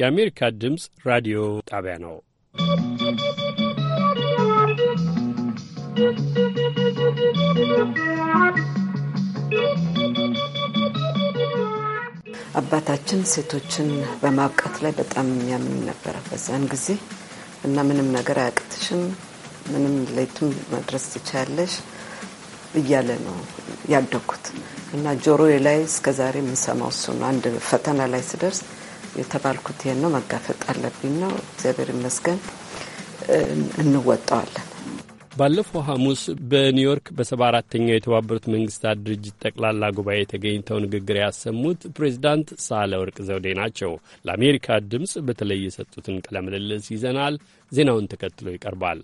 የአሜሪካ ድምፅ ራዲዮ ጣቢያ ነው። አባታችን ሴቶችን በማብቃት ላይ በጣም የሚያምን ነበረ በዛን ጊዜ እና ምንም ነገር አያቅትሽም፣ ምንም ለይቱም መድረስ ትችያለሽ እያለ ነው ያደኩት እና ጆሮዬ ላይ እስከዛሬ የምሰማው እሱ ነው። አንድ ፈተና ላይ ስደርስ የተባልኩት ይሄን ነው። መጋፈጥ አለብኝ ነው። እግዚአብሔር ይመስገን እንወጣዋለን። ባለፈው ሐሙስ በኒውዮርክ በሰባ አራተኛው የተባበሩት መንግስታት ድርጅት ጠቅላላ ጉባኤ ተገኝተው ንግግር ያሰሙት ፕሬዚዳንት ወርቅ ዘውዴ ናቸው። ለአሜሪካ ድምፅ በተለይ የሰጡትን ቃለ ምልልስ ይዘናል። ዜናውን ተከትሎ ይቀርባል።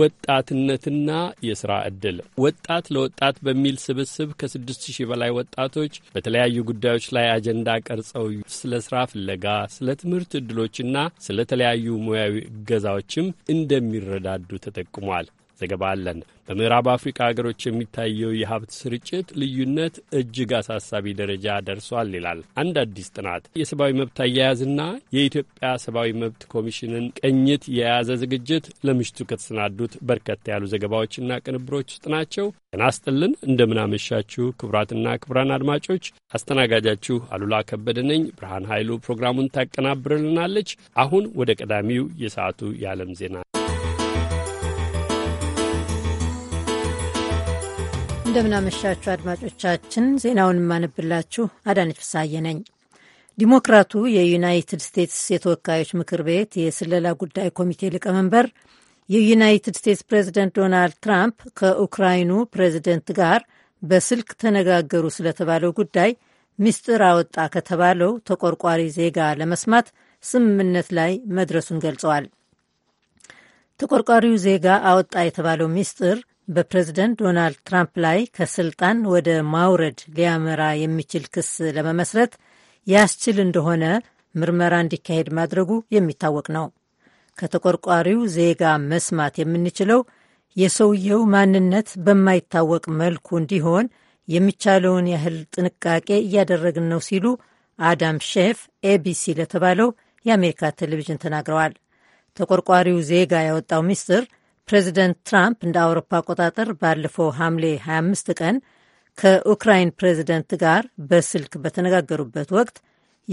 ወጣትነትና የሥራ ዕድል ወጣት ለወጣት በሚል ስብስብ ከስድስት ሺህ በላይ ወጣቶች በተለያዩ ጉዳዮች ላይ አጀንዳ ቀርጸው ስለ ሥራ ፍለጋ፣ ስለ ትምህርት ዕድሎችና ስለ ተለያዩ ሙያዊ እገዛዎችም እንደሚረዳዱ ተጠቁሟል። ዘገባ አለን። በምዕራብ አፍሪካ ሀገሮች የሚታየው የሀብት ስርጭት ልዩነት እጅግ አሳሳቢ ደረጃ ደርሷል ይላል አንድ አዲስ ጥናት። የሰብአዊ መብት አያያዝና የኢትዮጵያ ሰብአዊ መብት ኮሚሽንን ቅኝት የያዘ ዝግጅት ለምሽቱ ከተሰናዱት በርከት ያሉ ዘገባዎችና ቅንብሮች ውስጥ ናቸው። ጤና ይስጥልን፣ እንደምናመሻችሁ ክቡራትና ክቡራን አድማጮች አስተናጋጃችሁ አሉላ ከበደ ነኝ። ብርሃን ኃይሉ ፕሮግራሙን ታቀናብርልናለች። አሁን ወደ ቀዳሚው የሰዓቱ የዓለም ዜና እንደምናመሻችሁ አድማጮቻችን፣ ዜናውን የማነብላችሁ አዳነች ፍሳዬ ነኝ። ዲሞክራቱ የዩናይትድ ስቴትስ የተወካዮች ምክር ቤት የስለላ ጉዳይ ኮሚቴ ሊቀመንበር የዩናይትድ ስቴትስ ፕሬዚደንት ዶናልድ ትራምፕ ከኡክራይኑ ፕሬዚደንት ጋር በስልክ ተነጋገሩ ስለተባለው ጉዳይ ምስጢር አወጣ ከተባለው ተቆርቋሪ ዜጋ ለመስማት ስምምነት ላይ መድረሱን ገልጸዋል። ተቆርቋሪው ዜጋ አወጣ የተባለው ምስጢር በፕሬዝደንት ዶናልድ ትራምፕ ላይ ከስልጣን ወደ ማውረድ ሊያመራ የሚችል ክስ ለመመስረት ያስችል እንደሆነ ምርመራ እንዲካሄድ ማድረጉ የሚታወቅ ነው። ከተቆርቋሪው ዜጋ መስማት የምንችለው የሰውየው ማንነት በማይታወቅ መልኩ እንዲሆን የሚቻለውን ያህል ጥንቃቄ እያደረግን ነው ሲሉ አዳም ሼፍ ኤቢሲ ለተባለው የአሜሪካ ቴሌቪዥን ተናግረዋል። ተቆርቋሪው ዜጋ ያወጣው ሚስጥር ፕሬዚደንት ትራምፕ እንደ አውሮፓ አቆጣጠር ባለፈው ሐምሌ 25 ቀን ከኡክራይን ፕሬዚደንት ጋር በስልክ በተነጋገሩበት ወቅት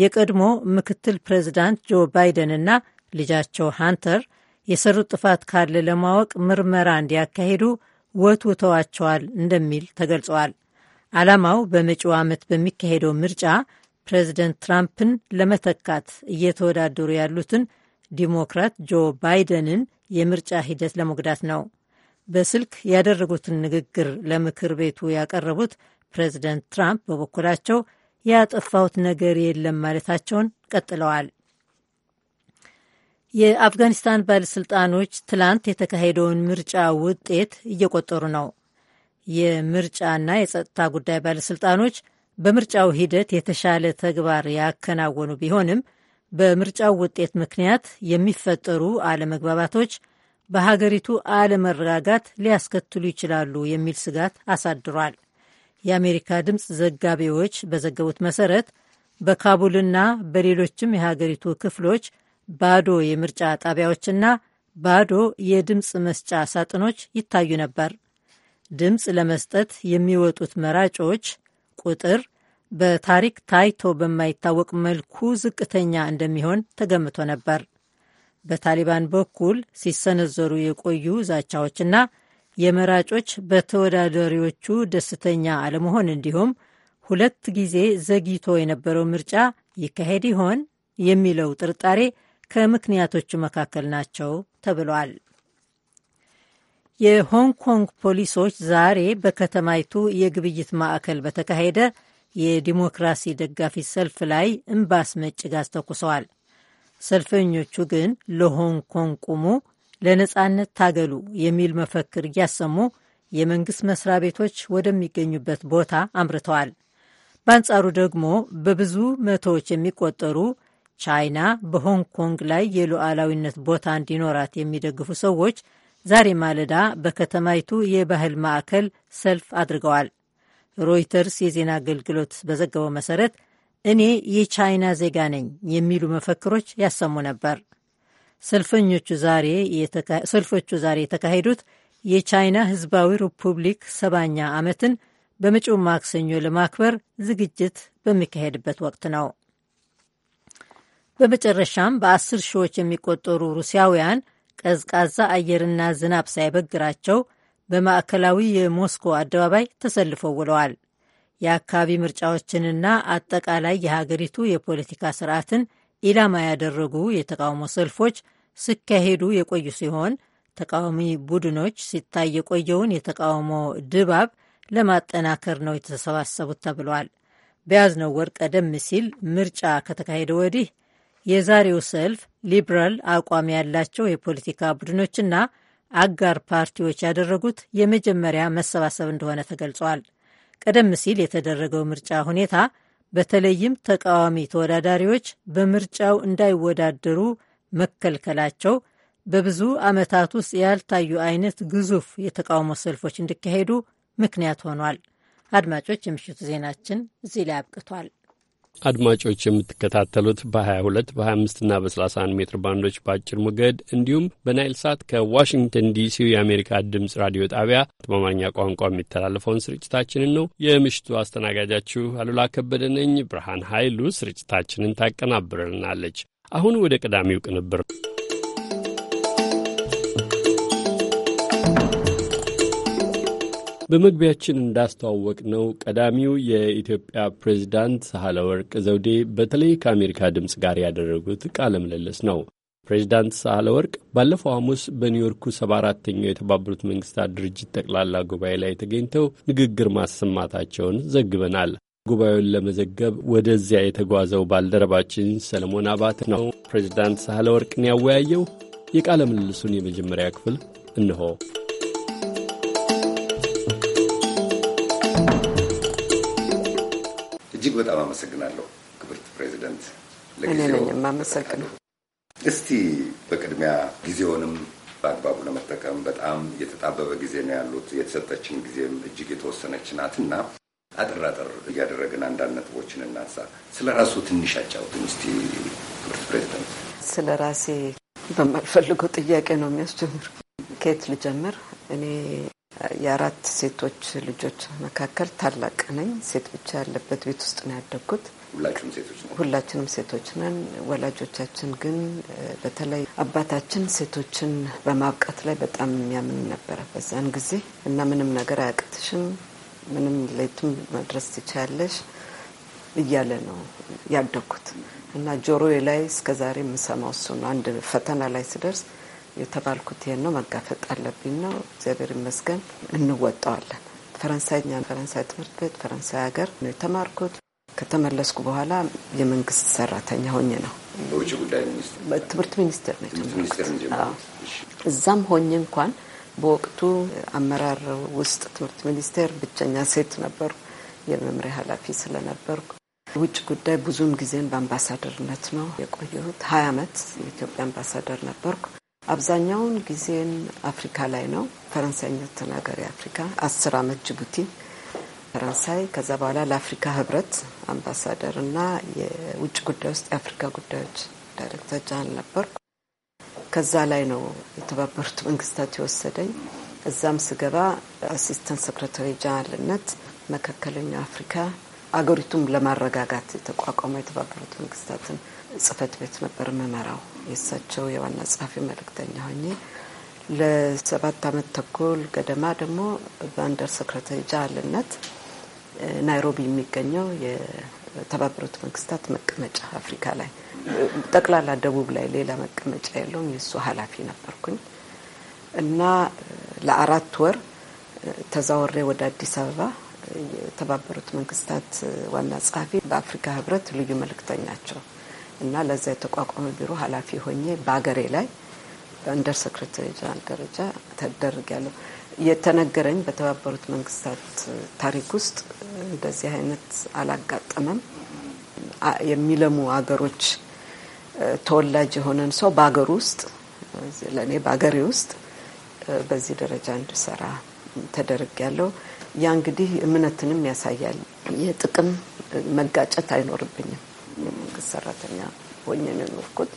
የቀድሞ ምክትል ፕሬዚዳንት ጆ ባይደንና ልጃቸው ሃንተር የሰሩት ጥፋት ካለ ለማወቅ ምርመራ እንዲያካሂዱ ወትውተዋቸዋል እንደሚል ተገልጸዋል። ዓላማው በመጪው ዓመት በሚካሄደው ምርጫ ፕሬዚደንት ትራምፕን ለመተካት እየተወዳደሩ ያሉትን ዲሞክራት ጆ ባይደንን የምርጫ ሂደት ለመጉዳት ነው። በስልክ ያደረጉትን ንግግር ለምክር ቤቱ ያቀረቡት ፕሬዚደንት ትራምፕ በበኩላቸው ያጠፋሁት ነገር የለም ማለታቸውን ቀጥለዋል። የአፍጋኒስታን ባለሥልጣኖች ትላንት የተካሄደውን ምርጫ ውጤት እየቆጠሩ ነው። የምርጫና የጸጥታ ጉዳይ ባለሥልጣኖች በምርጫው ሂደት የተሻለ ተግባር ያከናወኑ ቢሆንም በምርጫው ውጤት ምክንያት የሚፈጠሩ አለመግባባቶች በሀገሪቱ አለመረጋጋት ሊያስከትሉ ይችላሉ የሚል ስጋት አሳድሯል። የአሜሪካ ድምፅ ዘጋቢዎች በዘገቡት መሰረት በካቡልና በሌሎችም የሀገሪቱ ክፍሎች ባዶ የምርጫ ጣቢያዎችና ባዶ የድምፅ መስጫ ሳጥኖች ይታዩ ነበር። ድምፅ ለመስጠት የሚወጡት መራጮች ቁጥር በታሪክ ታይቶ በማይታወቅ መልኩ ዝቅተኛ እንደሚሆን ተገምቶ ነበር። በታሊባን በኩል ሲሰነዘሩ የቆዩ ዛቻዎችና የመራጮች በተወዳዳሪዎቹ ደስተኛ አለመሆን እንዲሁም ሁለት ጊዜ ዘግይቶ የነበረው ምርጫ ይካሄድ ይሆን የሚለው ጥርጣሬ ከምክንያቶቹ መካከል ናቸው ተብሏል። የሆንግ ኮንግ ፖሊሶች ዛሬ በከተማይቱ የግብይት ማዕከል በተካሄደ የዲሞክራሲ ደጋፊ ሰልፍ ላይ እምባስ አስመጪ ጋዝ ተኩሰዋል። ሰልፈኞቹ ግን ለሆንግ ኮንግ ቁሙ፣ ለነጻነት ታገሉ የሚል መፈክር እያሰሙ የመንግሥት መስሪያ ቤቶች ወደሚገኙበት ቦታ አምርተዋል። በአንጻሩ ደግሞ በብዙ መቶዎች የሚቆጠሩ ቻይና በሆንግ ኮንግ ላይ የሉዓላዊነት ቦታ እንዲኖራት የሚደግፉ ሰዎች ዛሬ ማለዳ በከተማይቱ የባህል ማዕከል ሰልፍ አድርገዋል። ሮይተርስ የዜና አገልግሎት በዘገበው መሰረት እኔ የቻይና ዜጋ ነኝ የሚሉ መፈክሮች ያሰሙ ነበር። ሰልፈኞቹ ዛሬ ሰልፎቹ ዛሬ የተካሄዱት የቻይና ህዝባዊ ሪፑብሊክ ሰባኛ ዓመትን በመጪው ማክሰኞ ለማክበር ዝግጅት በሚካሄድበት ወቅት ነው። በመጨረሻም በአስር ሺዎች የሚቆጠሩ ሩሲያውያን ቀዝቃዛ አየርና ዝናብ ሳይበግራቸው በማዕከላዊ የሞስኮ አደባባይ ተሰልፈው ውለዋል። የአካባቢ ምርጫዎችንና አጠቃላይ የሀገሪቱ የፖለቲካ ስርዓትን ኢላማ ያደረጉ የተቃውሞ ሰልፎች ሲካሄዱ የቆዩ ሲሆን ተቃዋሚ ቡድኖች ሲታይ የቆየውን የተቃውሞ ድባብ ለማጠናከር ነው የተሰባሰቡት ተብሏል። በያዝነው ወር ቀደም ሲል ምርጫ ከተካሄደ ወዲህ የዛሬው ሰልፍ ሊብራል አቋም ያላቸው የፖለቲካ ቡድኖችና አጋር ፓርቲዎች ያደረጉት የመጀመሪያ መሰባሰብ እንደሆነ ተገልጿል። ቀደም ሲል የተደረገው ምርጫ ሁኔታ በተለይም ተቃዋሚ ተወዳዳሪዎች በምርጫው እንዳይወዳደሩ መከልከላቸው በብዙ ዓመታት ውስጥ ያልታዩ አይነት ግዙፍ የተቃውሞ ሰልፎች እንዲካሄዱ ምክንያት ሆኗል። አድማጮች፣ የምሽቱ ዜናችን እዚህ ላይ አብቅቷል። አድማጮች የምትከታተሉት በ22 በ25 እና በ31 ሜትር ባንዶች በአጭር ሞገድ እንዲሁም በናይል ሳት ከዋሽንግተን ዲሲ የአሜሪካ ድምፅ ራዲዮ ጣቢያ በአማርኛ ቋንቋ የሚተላለፈውን ስርጭታችንን ነው። የምሽቱ አስተናጋጃችሁ አሉላ ከበደ ነኝ። ብርሃን ኃይሉ ስርጭታችንን ታቀናብርልናለች። አሁን ወደ ቀዳሚው ቅንብር በመግቢያችን እንዳስተዋወቅ ነው ቀዳሚው የኢትዮጵያ ፕሬዚዳንት ሳህለ ወርቅ ዘውዴ በተለይ ከአሜሪካ ድምፅ ጋር ያደረጉት ቃለ ምልልስ ነው። ፕሬዚዳንት ሳህለ ወርቅ ባለፈው ሐሙስ በኒውዮርኩ ሰባ አራተኛው የተባበሩት መንግስታት ድርጅት ጠቅላላ ጉባኤ ላይ ተገኝተው ንግግር ማሰማታቸውን ዘግበናል። ጉባኤውን ለመዘገብ ወደዚያ የተጓዘው ባልደረባችን ሰለሞን አባት ነው ፕሬዚዳንት ሳህለ ወርቅን ያወያየው። የቃለ ምልልሱን የመጀመሪያ ክፍል እንሆ። እጅግ በጣም አመሰግናለሁ ክብርት ፕሬዚደንት። ለጊዜው አመሰግናለሁ። እስቲ በቅድሚያ ጊዜውንም በአግባቡ ለመጠቀም በጣም የተጣበበ ጊዜ ነው ያሉት። የተሰጠችን ጊዜም እጅግ የተወሰነች ናት እና አጠር አጠር እያደረግን አንዳንድ ነጥቦችን እናንሳ። ስለ ራሱ ትንሽ አጫውትን እስቲ ክብርት ፕሬዚደንት። ስለ ራሴ በማልፈልገው ጥያቄ ነው የሚያስጀምር። ከየት ልጀምር? እኔ የአራት ሴቶች ልጆች መካከል ታላቅ ነኝ። ሴት ብቻ ያለበት ቤት ውስጥ ነው ያደግኩት። ሁላችንም ሴቶች ነን። ወላጆቻችን ግን በተለይ አባታችን ሴቶችን በማብቃት ላይ በጣም የሚያምን ነበረ በዛን ጊዜ እና ምንም ነገር አያቅትሽም፣ ምንም ሌትም መድረስ ትችያለሽ እያለ ነው ያደግኩት እና ጆሮዬ ላይ እስከዛሬ የምሰማው እሱ ነው። አንድ ፈተና ላይ ስደርስ የተባልኩት ይሄን ነው መጋፈጥ አለብኝ ነው። እግዚአብሔር ይመስገን እንወጣዋለን። ፈረንሳይኛ ፈረንሳይ ትምህርት ቤት ፈረንሳይ ሀገር ነው የተማርኩት። ከተመለስኩ በኋላ የመንግስት ሰራተኛ ሆኜ ነው በውጭ ጉዳይ ሚኒስትር ትምህርት ሚኒስቴር ነው የተማርኩት። እዛም ሆኜ እንኳን በወቅቱ አመራር ውስጥ ትምህርት ሚኒስቴር ብቸኛ ሴት ነበርኩ። የመምሪያ ኃላፊ ስለነበርኩ ውጭ ጉዳይ ብዙም ጊዜን በአምባሳደርነት ነው የቆየሁት። ሀያ አመት የኢትዮጵያ አምባሳደር ነበርኩ። አብዛኛውን ጊዜን አፍሪካ ላይ ነው። ፈረንሳይኛ ተናጋሪ አፍሪካ አስር አመት ጅቡቲ ፈረንሳይ፣ ከዛ በኋላ ለአፍሪካ ህብረት አምባሳደር እና የውጭ ጉዳይ ውስጥ የአፍሪካ ጉዳዮች ዳይሬክተር ጃን ነበርኩ። ከዛ ላይ ነው የተባበሩት መንግስታት የወሰደኝ። እዛም ስገባ አሲስተንት ሴክረታሪ ጀነራልነት መካከለኛው አፍሪካ አገሪቱም ለማረጋጋት የተቋቋመ የተባበሩት መንግስታትን ጽህፈት ቤት ነበር መመራው። የእሳቸው የዋና ጸሐፊ መልእክተኛ ሆኜ ለሰባት አመት ተኩል ገደማ ደግሞ በአንደር ሰክረታሪ ጀነራልነት ናይሮቢ የሚገኘው የተባበሩት መንግስታት መቀመጫ አፍሪካ ላይ ጠቅላላ ደቡብ ላይ ሌላ መቀመጫ የለውም የእሱ ኃላፊ ነበርኩኝ እና ለአራት ወር ተዛወሬ ወደ አዲስ አበባ የተባበሩት መንግስታት ዋና ጸሐፊ በአፍሪካ ህብረት ልዩ መልእክተኛቸው እና ለዛ የተቋቋመ ቢሮ ኃላፊ ሆኜ በሀገሬ ላይ በአንደር ሰክሬታሪ ጀነራል ደረጃ ተደርጊያለሁ። የተነገረኝ በተባበሩት መንግስታት ታሪክ ውስጥ እንደዚህ አይነት አላጋጠመም። የሚለሙ ሀገሮች ተወላጅ የሆነን ሰው በሀገር ውስጥ ለእኔ በሀገሬ ውስጥ በዚህ ደረጃ እንድሰራ ተደርጊያለሁ። ያ እንግዲህ እምነትንም ያሳያል። የጥቅም መጋጨት አይኖርብኝም። የመንግስት ሰራተኛ ሆኜ ነው የኖርኩት።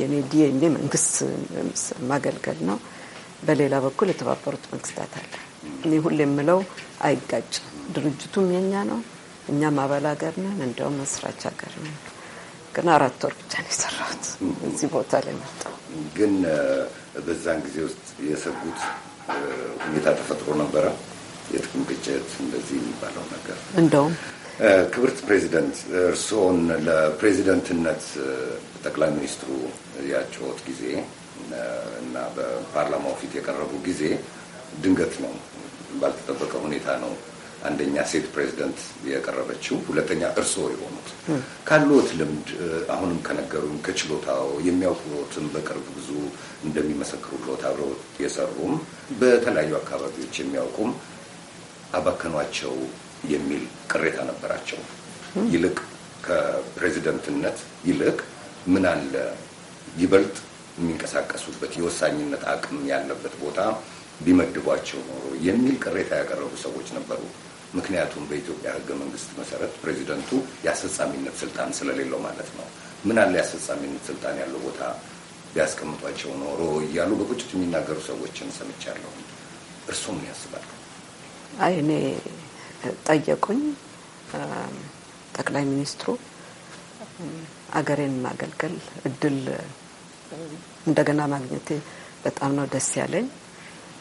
የኔ ዲኤንኤ መንግስት ማገልገል ነው። በሌላ በኩል የተባበሩት መንግስታት አለ። እኔ ሁሌ የምለው አይጋጭም። ድርጅቱም የኛ ነው፣ እኛም አባል ሀገር ነን፣ እንዲያውም መስራች ሀገር ነን። ግን አራት ወር ብቻ ነው የሰራሁት እዚህ ቦታ ላይ መጣሁ። ግን በዛን ጊዜ ውስጥ የሰጉት ሁኔታ ተፈጥሮ ነበረ፣ የጥቅም ግጭት እንደዚህ የሚባለው ነገር እንደውም ክብርት ፕሬዚደንት እርስዎን ለፕሬዚደንትነት ጠቅላይ ሚኒስትሩ ያጨወት ጊዜ እና በፓርላማው ፊት የቀረቡ ጊዜ ድንገት ነው፣ ባልተጠበቀ ሁኔታ ነው። አንደኛ ሴት ፕሬዚደንት የቀረበችው፣ ሁለተኛ እርስዎ የሆኑት ካሉት ልምድ አሁንም ከነገሩን ከችሎታው የሚያውቁትም በቅርብ ብዙ እንደሚመሰክሩልዎት አብረው የሰሩም በተለያዩ አካባቢዎች የሚያውቁም አባከኗቸው የሚል ቅሬታ ነበራቸው። ይልቅ ከፕሬዚደንትነት ይልቅ ምን አለ ይበልጥ የሚንቀሳቀሱበት የወሳኝነት አቅም ያለበት ቦታ ቢመድቧቸው ኖሮ የሚል ቅሬታ ያቀረቡ ሰዎች ነበሩ። ምክንያቱም በኢትዮጵያ ሕገ መንግስት መሰረት ፕሬዚደንቱ የአስፈጻሚነት ስልጣን ስለሌለው ማለት ነው። ምን አለ የአስፈጻሚነት ስልጣን ያለው ቦታ ቢያስቀምጧቸው ኖሮ እያሉ በቁጭት የሚናገሩ ሰዎችን ሰምቻለሁ። እርስዎ ምን ያስባሉ? አይ እኔ ጠየቁኝ። ጠቅላይ ሚኒስትሩ አገሬን ማገልገል እድል እንደገና ማግኘቴ በጣም ነው ደስ ያለኝ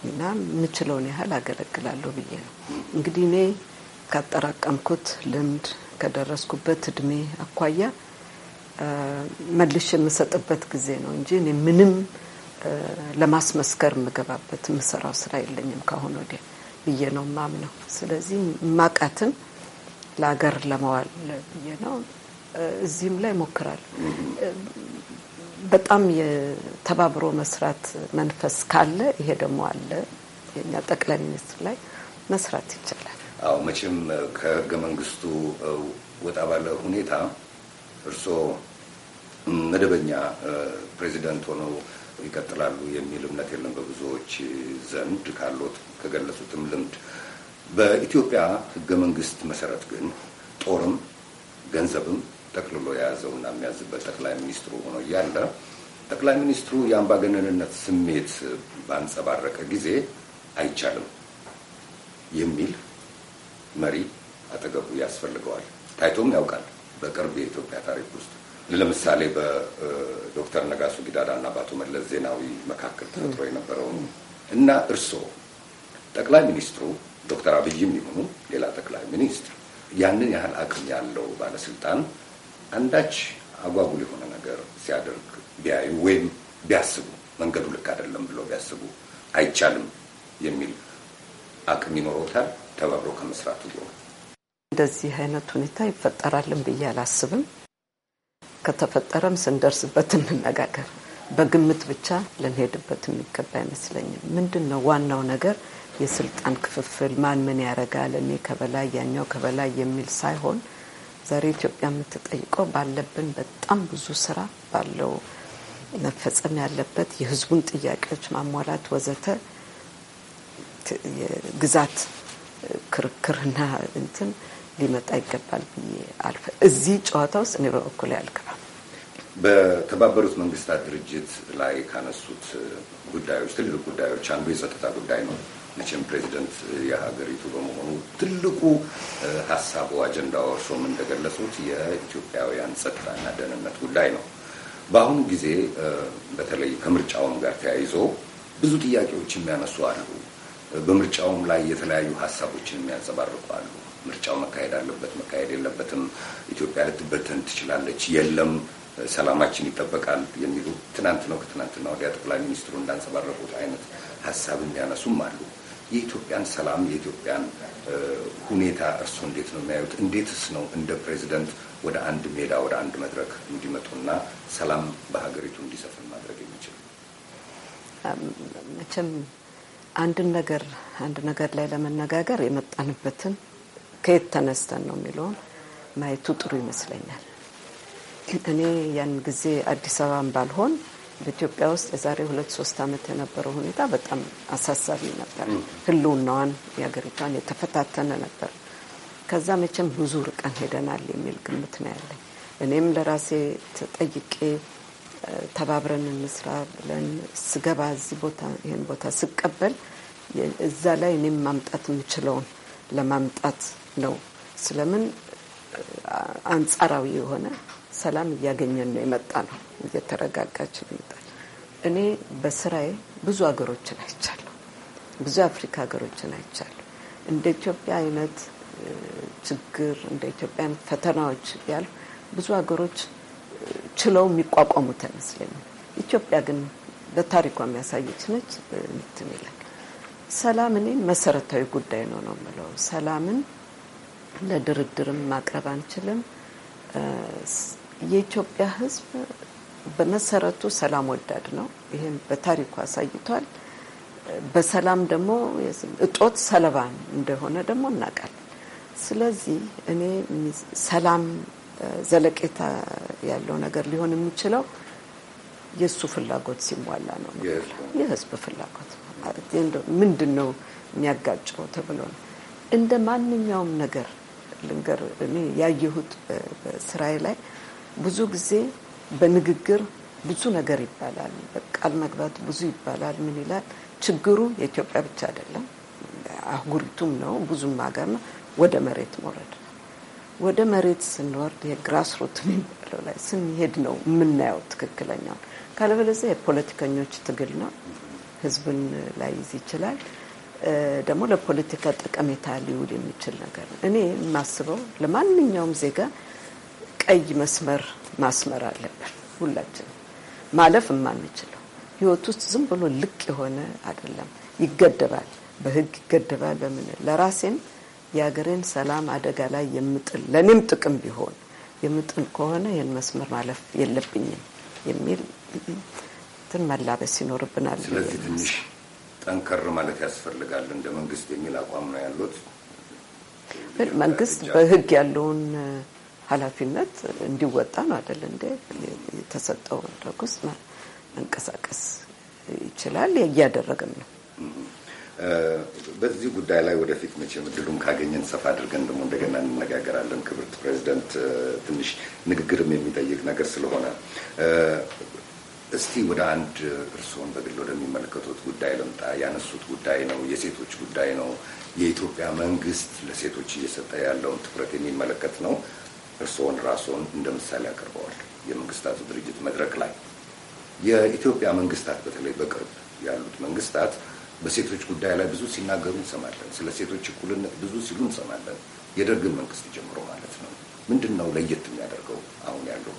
እና የምችለውን ያህል አገለግላለሁ ብዬ ነው እንግዲህ እኔ ካጠራቀምኩት ልምድ ከደረስኩበት እድሜ አኳያ መልሽ የምሰጥበት ጊዜ ነው እንጂ እኔ ምንም ለማስመስከር የምገባበት የምሰራው ስራ የለኝም ካሁን ወዲያ። ብዬ ነው ማምነው። ስለዚህ ማቃትን ለሀገር ለመዋል ብዬ ነው እዚህም ላይ ሞክራል። በጣም የተባብሮ መስራት መንፈስ ካለ ይሄ ደግሞ አለ። የኛ ጠቅላይ ሚኒስትር ላይ መስራት ይቻላል። አዎ መቼም ከህገ መንግስቱ ወጣ ባለ ሁኔታ እርስዎ መደበኛ ፕሬዚደንት ሆነው ይቀጥላሉ የሚል እምነት የለም በብዙዎች ዘንድ ካሉት ከገለጹትም ልምድ በኢትዮጵያ ህገ መንግስት መሰረት ግን ጦርም ገንዘብም ጠቅልሎ የያዘውና የሚያዝበት ጠቅላይ ሚኒስትሩ ሆኖ እያለ ጠቅላይ ሚኒስትሩ የአምባገነንነት ስሜት ባንጸባረቀ ጊዜ አይቻልም የሚል መሪ አጠገቡ ያስፈልገዋል። ታይቶም ያውቃል በቅርብ የኢትዮጵያ ታሪክ ውስጥ ለምሳሌ በዶክተር ነጋሶ ጊዳዳ እና በአቶ መለስ ዜናዊ መካከል ተፈጥሮ የነበረውን እና እርስዎ ጠቅላይ ሚኒስትሩ ዶክተር አብይም ይሁኑ ሌላ ጠቅላይ ሚኒስትር ያንን ያህል አቅም ያለው ባለስልጣን አንዳች አጓጉል የሆነ ነገር ሲያደርግ ቢያዩ ወይም ቢያስቡ መንገዱ ልክ አይደለም ብለው ቢያስቡ አይቻልም የሚል አቅም ይኖረውታል። ተባብሮ ከመስራቱ እንደዚህ አይነት ሁኔታ ይፈጠራልን ብዬ አላስብም። ከተፈጠረም ስንደርስበት እንነጋገር። በግምት ብቻ ልንሄድበት የሚገባ አይመስለኝም። ምንድን ነው ዋናው ነገር የስልጣን ክፍፍል ማን ምን ያደርጋል፣ እኔ ከበላይ ያኛው ከበላይ የሚል ሳይሆን ዛሬ ኢትዮጵያ የምትጠይቀው ባለብን በጣም ብዙ ስራ ባለው መፈጸም ያለበት የህዝቡን ጥያቄዎች ማሟላት ወዘተ ግዛት ክርክርና እንትን ሊመጣ ይገባል ብዬ አልፈ እዚህ ጨዋታ ውስጥ እኔ በበኩል አልገባም። በተባበሩት መንግስታት ድርጅት ላይ ካነሱት ጉዳዮች ትልልቅ ጉዳዮች አንዱ የጸጥታ ጉዳይ ነው። መቼም ፕሬዚደንት የሀገሪቱ በመሆኑ ትልቁ ሀሳቡ አጀንዳ እርሶም እንደገለጹት የኢትዮጵያውያን ጸጥታና ደህንነት ጉዳይ ነው። በአሁኑ ጊዜ በተለይ ከምርጫውም ጋር ተያይዞ ብዙ ጥያቄዎች የሚያነሱ አሉ። በምርጫውም ላይ የተለያዩ ሀሳቦችን የሚያንጸባርቁ አሉ። ምርጫው መካሄድ አለበት፣ መካሄድ የለበትም፣ ኢትዮጵያ ልትበተን ትችላለች፣ የለም ሰላማችን ይጠበቃል የሚሉ ትናንት ነው ከትናንትና ወዲያ ጠቅላይ ሚኒስትሩ እንዳንጸባረቁት አይነት ሀሳብ የሚያነሱም አሉ። የኢትዮጵያን ሰላም የኢትዮጵያን ሁኔታ እርስዎ እንዴት ነው የሚያዩት? እንዴትስ ነው እንደ ፕሬዚደንት ወደ አንድ ሜዳ ወደ አንድ መድረክ እንዲመጡና ሰላም በሀገሪቱ እንዲሰፍን ማድረግ የሚችል? መቼም አንድን ነገር አንድ ነገር ላይ ለመነጋገር የመጣንበትን ከየት ተነስተን ነው የሚለውን ማየቱ ጥሩ ይመስለኛል። እኔ ያን ጊዜ አዲስ አበባን ባልሆን በኢትዮጵያ ውስጥ የዛሬ ሁለት ሶስት ዓመት የነበረው ሁኔታ በጣም አሳሳቢ ነበር። ህልውናዋን የሀገሪቷን የተፈታተነ ነበር። ከዛ መቼም ብዙ ርቀን ሄደናል የሚል ግምት ነው ያለኝ። እኔም ለራሴ ተጠይቄ ተባብረን እንስራ ብለን ስገባ እዚህ ቦታ ይህን ቦታ ስቀበል እዛ ላይ እኔም ማምጣት የምችለውን ለማምጣት ነው። ስለምን አንጻራዊ የሆነ ሰላም እያገኘን ነው የመጣ ነው። እየተረጋጋችን ይመጣል። እኔ በስራዬ ብዙ ሀገሮችን አይቻለሁ። ብዙ አፍሪካ ሀገሮችን አይቻለሁ። እንደ ኢትዮጵያ አይነት ችግር እንደ ኢትዮጵያን ፈተናዎች ያሉ ብዙ ሀገሮች ችለው የሚቋቋሙት አይመስለኝም። ኢትዮጵያ ግን በታሪኳ የሚያሳየች ነች። እንትን ይላል ሰላም እኔ መሰረታዊ ጉዳይ ነው ነው የምለው። ሰላምን ለድርድርም ማቅረብ አንችልም። የኢትዮጵያ ሕዝብ በመሰረቱ ሰላም ወዳድ ነው። ይህም በታሪኩ አሳይቷል። በሰላም ደግሞ እጦት ሰለባ እንደሆነ ደግሞ እናውቃለን። ስለዚህ እኔ ሰላም ዘለቄታ ያለው ነገር ሊሆን የሚችለው የእሱ ፍላጎት ሲሟላ ነው። የህዝብ ፍላጎት ምንድን ነው የሚያጋጨው ተብሎ ነው። እንደ ማንኛውም ነገር ልንገር፣ እኔ ያየሁት በስራዬ ላይ ብዙ ጊዜ በንግግር ብዙ ነገር ይባላል፣ በቃል መግባት ብዙ ይባላል። ምን ይላል ችግሩ የኢትዮጵያ ብቻ አይደለም፣ አህጉሪቱም ነው፣ ብዙም ሀገር ነው። ወደ መሬት መውረድ ወደ መሬት ስንወርድ የግራስሮት የሚባለው ላይ ስንሄድ ነው የምናየው ትክክለኛው። ካለበለዚያ የፖለቲከኞች ትግል ነው፣ ህዝብን ይዝ ይችላል። ደግሞ ለፖለቲካ ጠቀሜታ ሊውል የሚችል ነገር ነው። እኔ የማስበው ለማንኛውም ዜጋ ቀይ መስመር ማስመር አለብን። ሁላችን ማለፍ የማንችለው ህይወት ውስጥ ዝም ብሎ ልቅ የሆነ አይደለም። ይገደባል፣ በህግ ይገደባል። በምን ለራሴም የሀገሬን ሰላም አደጋ ላይ የምጥል ለእኔም ጥቅም ቢሆን የምጥል ከሆነ ይህን መስመር ማለፍ የለብኝም የሚል እንትን መላበስ ይኖርብናል። ስለዚህ ትንሽ ጠንከር ማለት ያስፈልጋል እንደ መንግስት የሚል አቋም ነው ያሉት። መንግስት በህግ ያለውን ኃላፊነት እንዲወጣ ነው አይደል? እንደ የተሰጠው መድረክ ውስጥ መንቀሳቀስ ይችላል፣ እያደረግም ነው። በዚህ ጉዳይ ላይ ወደፊት መቼም እድሉን ካገኘን ሰፋ አድርገን ደግሞ እንደገና እንነጋገራለን። ክብርት ፕሬዚደንት፣ ትንሽ ንግግርም የሚጠይቅ ነገር ስለሆነ እስቲ ወደ አንድ እርስዎን በግል ወደሚመለከቱት ጉዳይ ልምጣ። ያነሱት ጉዳይ ነው የሴቶች ጉዳይ ነው። የኢትዮጵያ መንግስት ለሴቶች እየሰጠ ያለውን ትኩረት የሚመለከት ነው። እርስዎን ራስዎን እንደ ምሳሌ አቅርበዋል። የመንግስታቱ ድርጅት መድረክ ላይ የኢትዮጵያ መንግስታት በተለይ በቅርብ ያሉት መንግስታት በሴቶች ጉዳይ ላይ ብዙ ሲናገሩ እንሰማለን። ስለ ሴቶች እኩልነት ብዙ ሲሉ እንሰማለን። የደርግን መንግስት ጀምሮ ማለት ነው። ምንድን ነው ለየት የሚያደርገው አሁን ያለው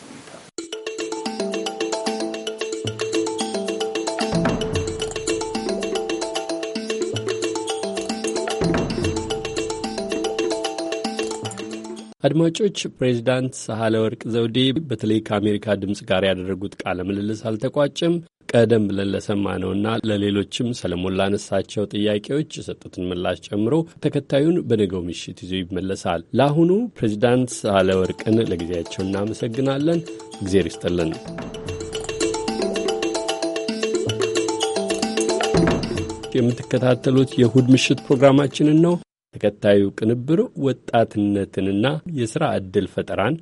አድማጮች ፕሬዚዳንት ሳህለ ወርቅ ዘውዴ በተለይ ከአሜሪካ ድምፅ ጋር ያደረጉት ቃለ ምልልስ አልተቋጭም። ቀደም ብለን ለሰማነውና ለሌሎችም ሰለሞን ላነሳቸው ጥያቄዎች የሰጡትን ምላሽ ጨምሮ ተከታዩን በነገው ምሽት ይዞ ይመለሳል። ለአሁኑ ፕሬዚዳንት ሳህለ ወርቅን ለጊዜያቸው እናመሰግናለን። እግዜር ይስጥልን። የምትከታተሉት የእሁድ ምሽት ፕሮግራማችንን ነው። ተከታዩ ቅንብር ወጣትነትንና የሥራ ዕድል ፈጠራን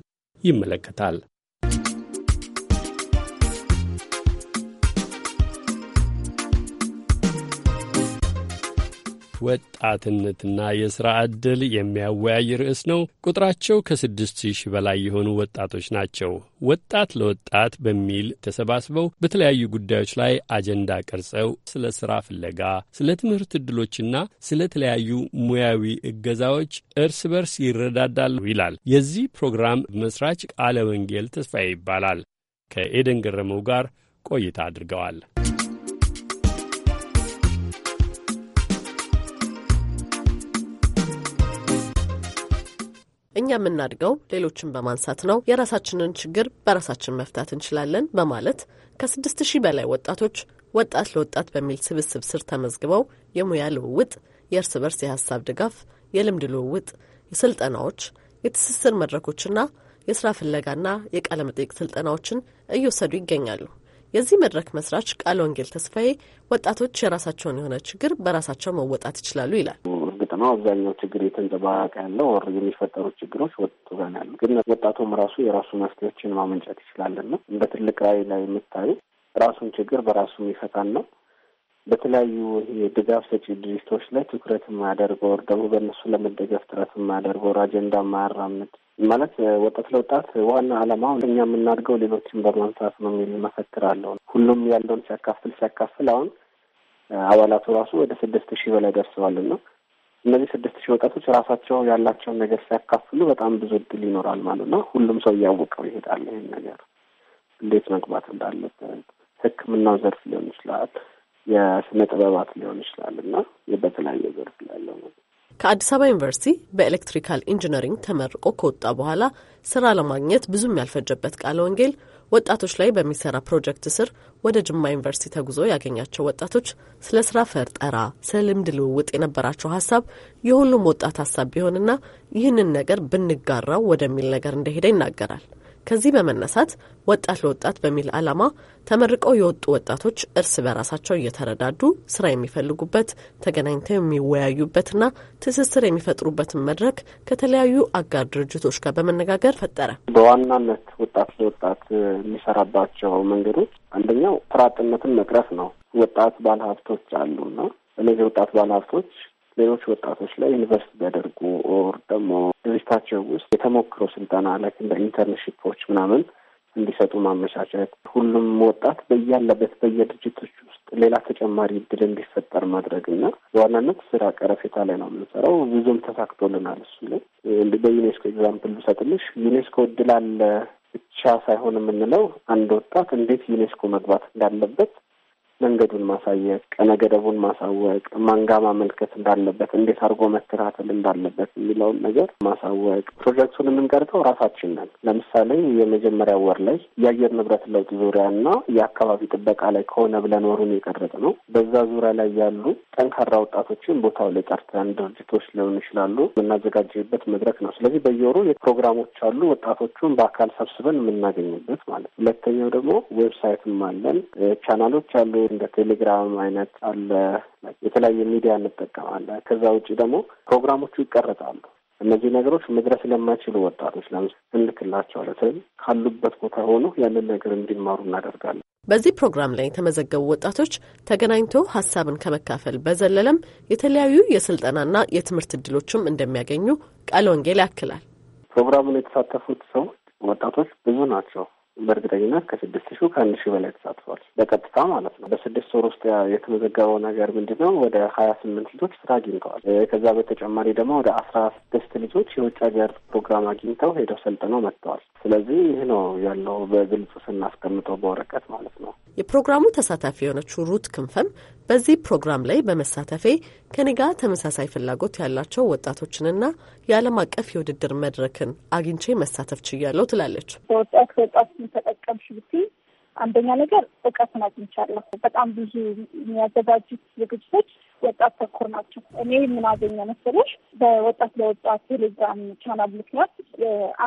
ይመለከታል። ወጣትነትና የሥራ ዕድል የሚያወያይ ርዕስ ነው። ቁጥራቸው ከስድስት ሺህ በላይ የሆኑ ወጣቶች ናቸው ወጣት ለወጣት በሚል ተሰባስበው በተለያዩ ጉዳዮች ላይ አጀንዳ ቀርጸው ስለ ሥራ ፍለጋ፣ ስለ ትምህርት ዕድሎችና ስለ ተለያዩ ሙያዊ እገዛዎች እርስ በርስ ይረዳዳሉ ይላል። የዚህ ፕሮግራም መስራች ቃለ ወንጌል ተስፋዬ ይባላል። ከኤደን ገረመው ጋር ቆይታ አድርገዋል። እኛ የምናድገው ሌሎችን በማንሳት ነው። የራሳችንን ችግር በራሳችን መፍታት እንችላለን በማለት ከስድስት ሺህ በላይ ወጣቶች ወጣት ለወጣት በሚል ስብስብ ስር ተመዝግበው የሙያ ልውውጥ፣ የእርስ በርስ የሀሳብ ድጋፍ፣ የልምድ ልውውጥ፣ የስልጠናዎች፣ የትስስር መድረኮችና የስራ ፍለጋና የቃለ መጠይቅ ስልጠናዎችን እየወሰዱ ይገኛሉ። የዚህ መድረክ መስራች ቃለ ወንጌል ተስፋዬ ወጣቶች የራሳቸውን የሆነ ችግር በራሳቸው መወጣት ይችላሉ ይላል። ነው አብዛኛው ችግር የተንጸባረቀ ያለው ወር የሚፈጠሩ ችግሮች ወጡ ጋር ያሉ ግን ወጣቱም ራሱ የራሱ መፍትሄዎችን ማመንጨት ይችላልና እንደ ትልቅ ራዕይ ላይ የምታዩ ራሱን ችግር በራሱ የሚፈታን ነው። በተለያዩ ድጋፍ ሰጪ ድርጅቶች ላይ ትኩረት የማያደርገው ወር ደግሞ በእነሱ ለመደገፍ ጥረት የማያደርገው ወር አጀንዳ የማያራምድ ማለት ወጣት ለወጣት ዋና ዓላማው እኛ የምናድገው ሌሎችን በማንሳት ነው የሚል መፈክር አለው። ሁሉም ያለውን ሲያካፍል ሲያካፍል አሁን አባላቱ ራሱ ወደ ስድስት ሺህ በላይ ደርሰዋል ደርሰዋልና እነዚህ ስድስት ሺህ ወጣቶች ራሳቸው ያላቸውን ነገር ሲያካፍሉ በጣም ብዙ እድል ይኖራል ማለት ነው። ሁሉም ሰው እያወቀው ይሄዳል። ይህን ነገር እንዴት መግባት እንዳለበት ሕክምናው ዘርፍ ሊሆን ይችላል፣ የስነ ጥበባት ሊሆን ይችላል እና በተለያየ ዘርፍ ላለው ነው። ከአዲስ አበባ ዩኒቨርሲቲ በኤሌክትሪካል ኢንጂነሪንግ ተመርቆ ከወጣ በኋላ ስራ ለማግኘት ብዙም ያልፈጀበት ቃለ ወንጌል ወጣቶች ላይ በሚሰራ ፕሮጀክት ስር ወደ ጅማ ዩኒቨርሲቲ ተጉዞ ያገኛቸው ወጣቶች ስለ ስራ ፈጠራ፣ ስለ ልምድ ልውውጥ የነበራቸው ሀሳብ የሁሉም ወጣት ሀሳብ ቢሆንና ይህንን ነገር ብንጋራው ወደሚል ነገር እንደሄደ ይናገራል። ከዚህ በመነሳት ወጣት ለወጣት በሚል ዓላማ ተመርቀው የወጡ ወጣቶች እርስ በራሳቸው እየተረዳዱ ስራ የሚፈልጉበት ተገናኝተው የሚወያዩበትና ትስስር የሚፈጥሩበትን መድረክ ከተለያዩ አጋር ድርጅቶች ጋር በመነጋገር ፈጠረ። በዋናነት ወጣት ለወጣት የሚሰራባቸው መንገዶች አንደኛው ስራ አጥነትን መቅረፍ ነው። ወጣት ባለሀብቶች አሉና እነዚህ ወጣት ባለሀብቶች ሌሎች ወጣቶች ላይ ኢንቨስት ቢያደርጉ ኦር ደግሞ ድርጅታቸው ውስጥ የተሞክሮ ስልጠና ላይ እንደ ኢንተርንሽፖች ምናምን እንዲሰጡ ማመቻቸት፣ ሁሉም ወጣት በያለበት በየድርጅቶች ውስጥ ሌላ ተጨማሪ እድል እንዲፈጠር ማድረግ እና በዋናነት ስራ ቀረፌታ ላይ ነው የምንሰራው። ብዙም ተሳክቶልናል። እሱ ላይ በዩኔስኮ ኤግዛምፕል ብሰጥልሽ ዩኔስኮ እድል አለ ብቻ ሳይሆን የምንለው አንድ ወጣት እንዴት ዩኔስኮ መግባት እንዳለበት መንገዱን ማሳየት፣ ቀነ ገደቡን ማሳወቅ፣ ማንጋ ማመልከት እንዳለበት፣ እንዴት አድርጎ መከታተል እንዳለበት የሚለውን ነገር ማሳወቅ። ፕሮጀክቱን የምንቀርጠው ራሳችን ነን። ለምሳሌ የመጀመሪያ ወር ላይ የአየር ንብረት ለውጥ ዙሪያና የአካባቢ ጥበቃ ላይ ከሆነ ብለን ወሩን የቀረጥ ነው። በዛ ዙሪያ ላይ ያሉ ጠንካራ ወጣቶችን ቦታው ላይ ጠርተን ድርጅቶች ሊሆኑ ይችላሉ የምናዘጋጅበት መድረክ ነው። ስለዚህ በየወሩ የፕሮግራሞች አሉ ወጣቶቹን በአካል ሰብስበን የምናገኝበት ማለት ሁለተኛው ደግሞ ዌብሳይትም አለን፣ ቻናሎች አሉ እንደ ቴሌግራም አይነት አለ። የተለያየ ሚዲያ እንጠቀማለን። ከዛ ውጭ ደግሞ ፕሮግራሞቹ ይቀረጣሉ። እነዚህ ነገሮች መድረስ ለማይችሉ ወጣቶች ለምሳሌ እንልክላቸዋለን። ስለዚህ ካሉበት ቦታ ሆኖ ያንን ነገር እንዲማሩ እናደርጋለን። በዚህ ፕሮግራም ላይ የተመዘገቡ ወጣቶች ተገናኝቶ ሀሳብን ከመካፈል በዘለለም የተለያዩ የስልጠናና የትምህርት እድሎችም እንደሚያገኙ ቃለ ወንጌል ያክላል። ፕሮግራሙን የተሳተፉት ሰዎች ወጣቶች ብዙ ናቸው። በእርግጠኝነት ከስድስት ሺ ከአንድ ሺህ በላይ ተሳትፏል በቀጥታ ማለት ነው። በስድስት ወር ውስጥ የተመዘገበው ነገር ምንድን ነው? ወደ ሀያ ስምንት ልጆች ስራ አግኝተዋል። ከዛ በተጨማሪ ደግሞ ወደ አስራ ስድስት ልጆች የውጭ ሀገር ፕሮግራም አግኝተው ሄደው ሰልጥነው መጥተዋል። ስለዚህ ይህ ነው ያለው በግልጽ ስናስቀምጠው በወረቀት ማለት ነው። የፕሮግራሙ ተሳታፊ የሆነችው ሩት ክንፈም በዚህ ፕሮግራም ላይ በመሳተፌ ከኔ ጋር ተመሳሳይ ፍላጎት ያላቸው ወጣቶችንና የዓለም አቀፍ የውድድር መድረክን አግኝቼ መሳተፍ ችያለሁ ትላለች። በወጣት ወጣት ተጠቀምሽ ብትይ አንደኛ ነገር እውቀትን አግኝቻለሁ። በጣም ብዙ የሚያዘጋጁት ዝግጅቶች ወጣት ተኮር ናቸው። እኔ ምን አገኘ መሰለሽ? በወጣት ለወጣት ቴሌግራም ቻናል ምክንያት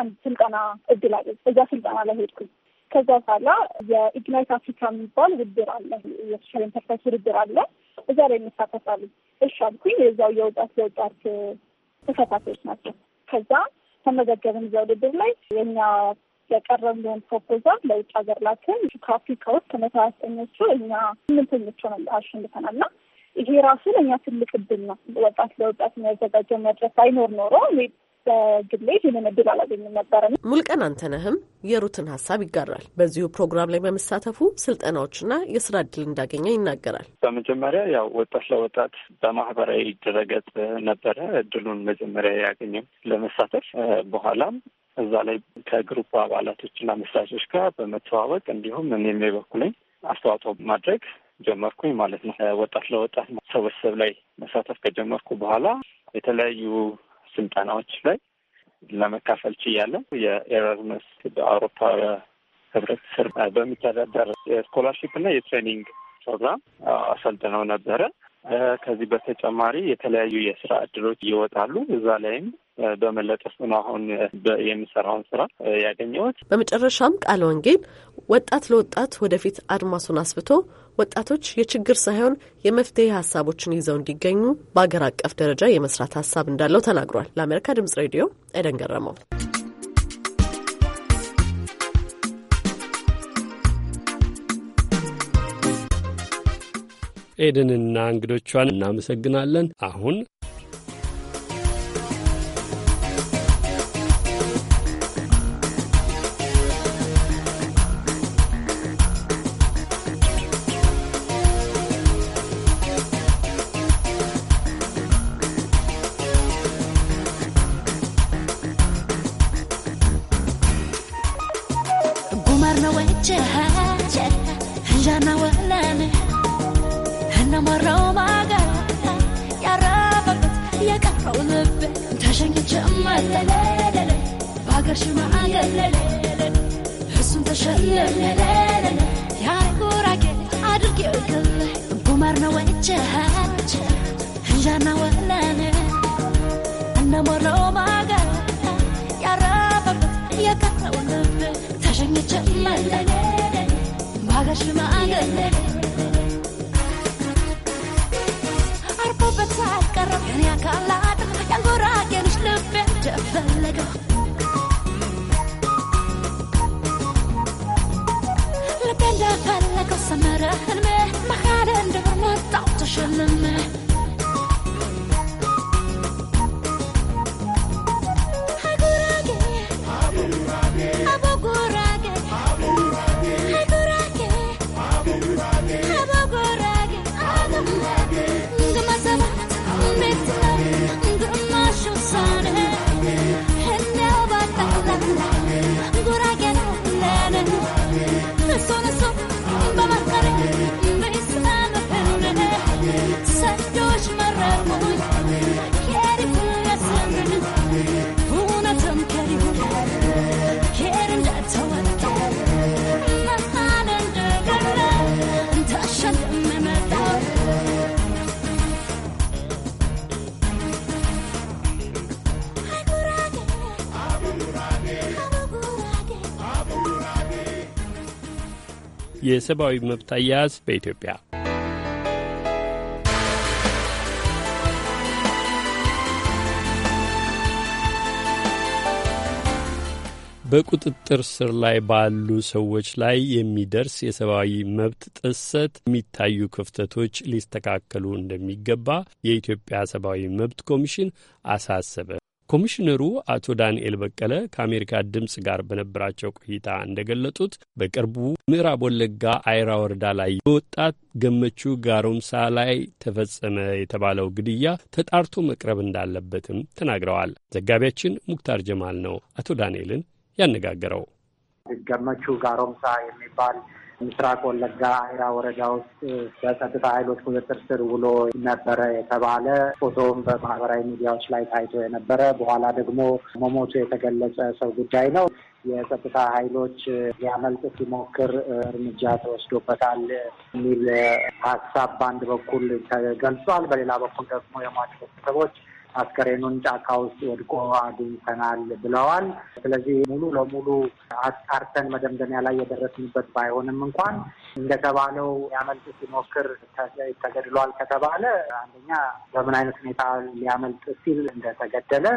አንድ ስልጠና እድል አገኘሁ። እዛ ስልጠና ላይ ሄድኩኝ። ከዛ በኋላ የኢግናይት አፍሪካ የሚባል ውድር አለ፣ የሶሻል ኢንተርፕራይዝ ውድድር አለ። እዛ ላይ እንሳተፋሉ። እሺ አልኩኝ። የዛው የወጣት የወጣት ተሳታፊዎች ናቸው። ከዛ ተመዘገብን እዛ ውድድር ላይ የእኛ ያቀረብን ፕሮፖዛል ለውጭ ሀገር ላክን። ከአፍሪካ ውስጥ ከመቶ ዘጠኞቹ እኛ ስምንተኞቹ አሸንፈናል እና ይሄ ራሱ ለእኛ ትልቅ እድል ነው። ወጣት ለወጣት የሚያዘጋጀው መድረስ አይኖር ኖሮ በግሌ ይህንን እድል አላገኝም ነበረ። ሙልቀን አንተነህም የሩትን ሀሳብ ይጋራል። በዚሁ ፕሮግራም ላይ በመሳተፉ ስልጠናዎችና የስራ እድል እንዳገኘ ይናገራል። በመጀመሪያ ያው ወጣት ለወጣት በማህበራዊ ድረገጽ ነበረ እድሉን መጀመሪያ ያገኘው ለመሳተፍ በኋላም እዛ ላይ ከግሩፕ አባላቶችና መስራቾች ጋር በመተዋወቅ እንዲሁም እኔም የበኩለኝ አስተዋጽኦ ማድረግ ጀመርኩኝ ማለት ነው። ወጣት ለወጣት ሰበሰብ ላይ መሳተፍ ከጀመርኩ በኋላ የተለያዩ ስልጠናዎች ላይ ለመካፈል ችያለሁ። የኤራዝመስ በአውሮፓ ህብረት ስር በሚተዳደር የስኮላርሽፕ እና የትሬኒንግ ፕሮግራም አሰልጥነው ነበረ። ከዚህ በተጨማሪ የተለያዩ የስራ እድሎች ይወጣሉ። እዛ ላይም በመለጠፍ ነው አሁን የሚሰራውን ስራ ያገኘሁት። በመጨረሻም ቃለ ወንጌል ወጣት ለወጣት ወደፊት አድማሱን አስፍቶ ወጣቶች የችግር ሳይሆን የመፍትሄ ሀሳቦችን ይዘው እንዲገኙ በአገር አቀፍ ደረጃ የመስራት ሀሳብ እንዳለው ተናግሯል። ለአሜሪካ ድምጽ ሬዲዮ ኤደን ገረመው። ኤደንና እንግዶቿን እናመሰግናለን። አሁን ህልሜ መካደ እንደመጣው ተሸልሜ የሰብአዊ መብት አያያዝ በኢትዮጵያ በቁጥጥር ስር ላይ ባሉ ሰዎች ላይ የሚደርስ የሰብአዊ መብት ጥሰት የሚታዩ ክፍተቶች ሊስተካከሉ እንደሚገባ የኢትዮጵያ ሰብአዊ መብት ኮሚሽን አሳሰበ። ኮሚሽነሩ አቶ ዳንኤል በቀለ ከአሜሪካ ድምፅ ጋር በነበራቸው ቆይታ እንደገለጡት በቅርቡ ምዕራብ ወለጋ አይራ ወረዳ ላይ በወጣት ገመቹ ጋሮምሳ ላይ ተፈጸመ የተባለው ግድያ ተጣርቶ መቅረብ እንዳለበትም ተናግረዋል። ዘጋቢያችን ሙክታር ጀማል ነው አቶ ዳንኤልን ያነጋገረው። ገመቹ ጋሮምሳ የሚባል ምስራቅ ወለጋ አይራ ወረዳ ውስጥ በጸጥታ ኃይሎች ቁጥጥር ስር ውሎ ነበረ የተባለ ፎቶም በማህበራዊ ሚዲያዎች ላይ ታይቶ የነበረ በኋላ ደግሞ መሞቱ የተገለጸ ሰው ጉዳይ ነው። የጸጥታ ኃይሎች ሊያመልጥ ሲሞክር እርምጃ ተወስዶበታል የሚል ሀሳብ በአንድ በኩል ተገልጿል። በሌላ በኩል ደግሞ የሟች ቤተሰቦች አስከሬኑን ጫካ ውስጥ ወድቆ አግኝተናል ብለዋል። ስለዚህ ሙሉ ለሙሉ አጣርተን መደምደሚያ ላይ የደረስንበት ባይሆንም እንኳን እንደተባለው ሊያመልጥ ሲሞክር ተገድሏል ከተባለ አንደኛ በምን አይነት ሁኔታ ሊያመልጥ ሲል እንደተገደለ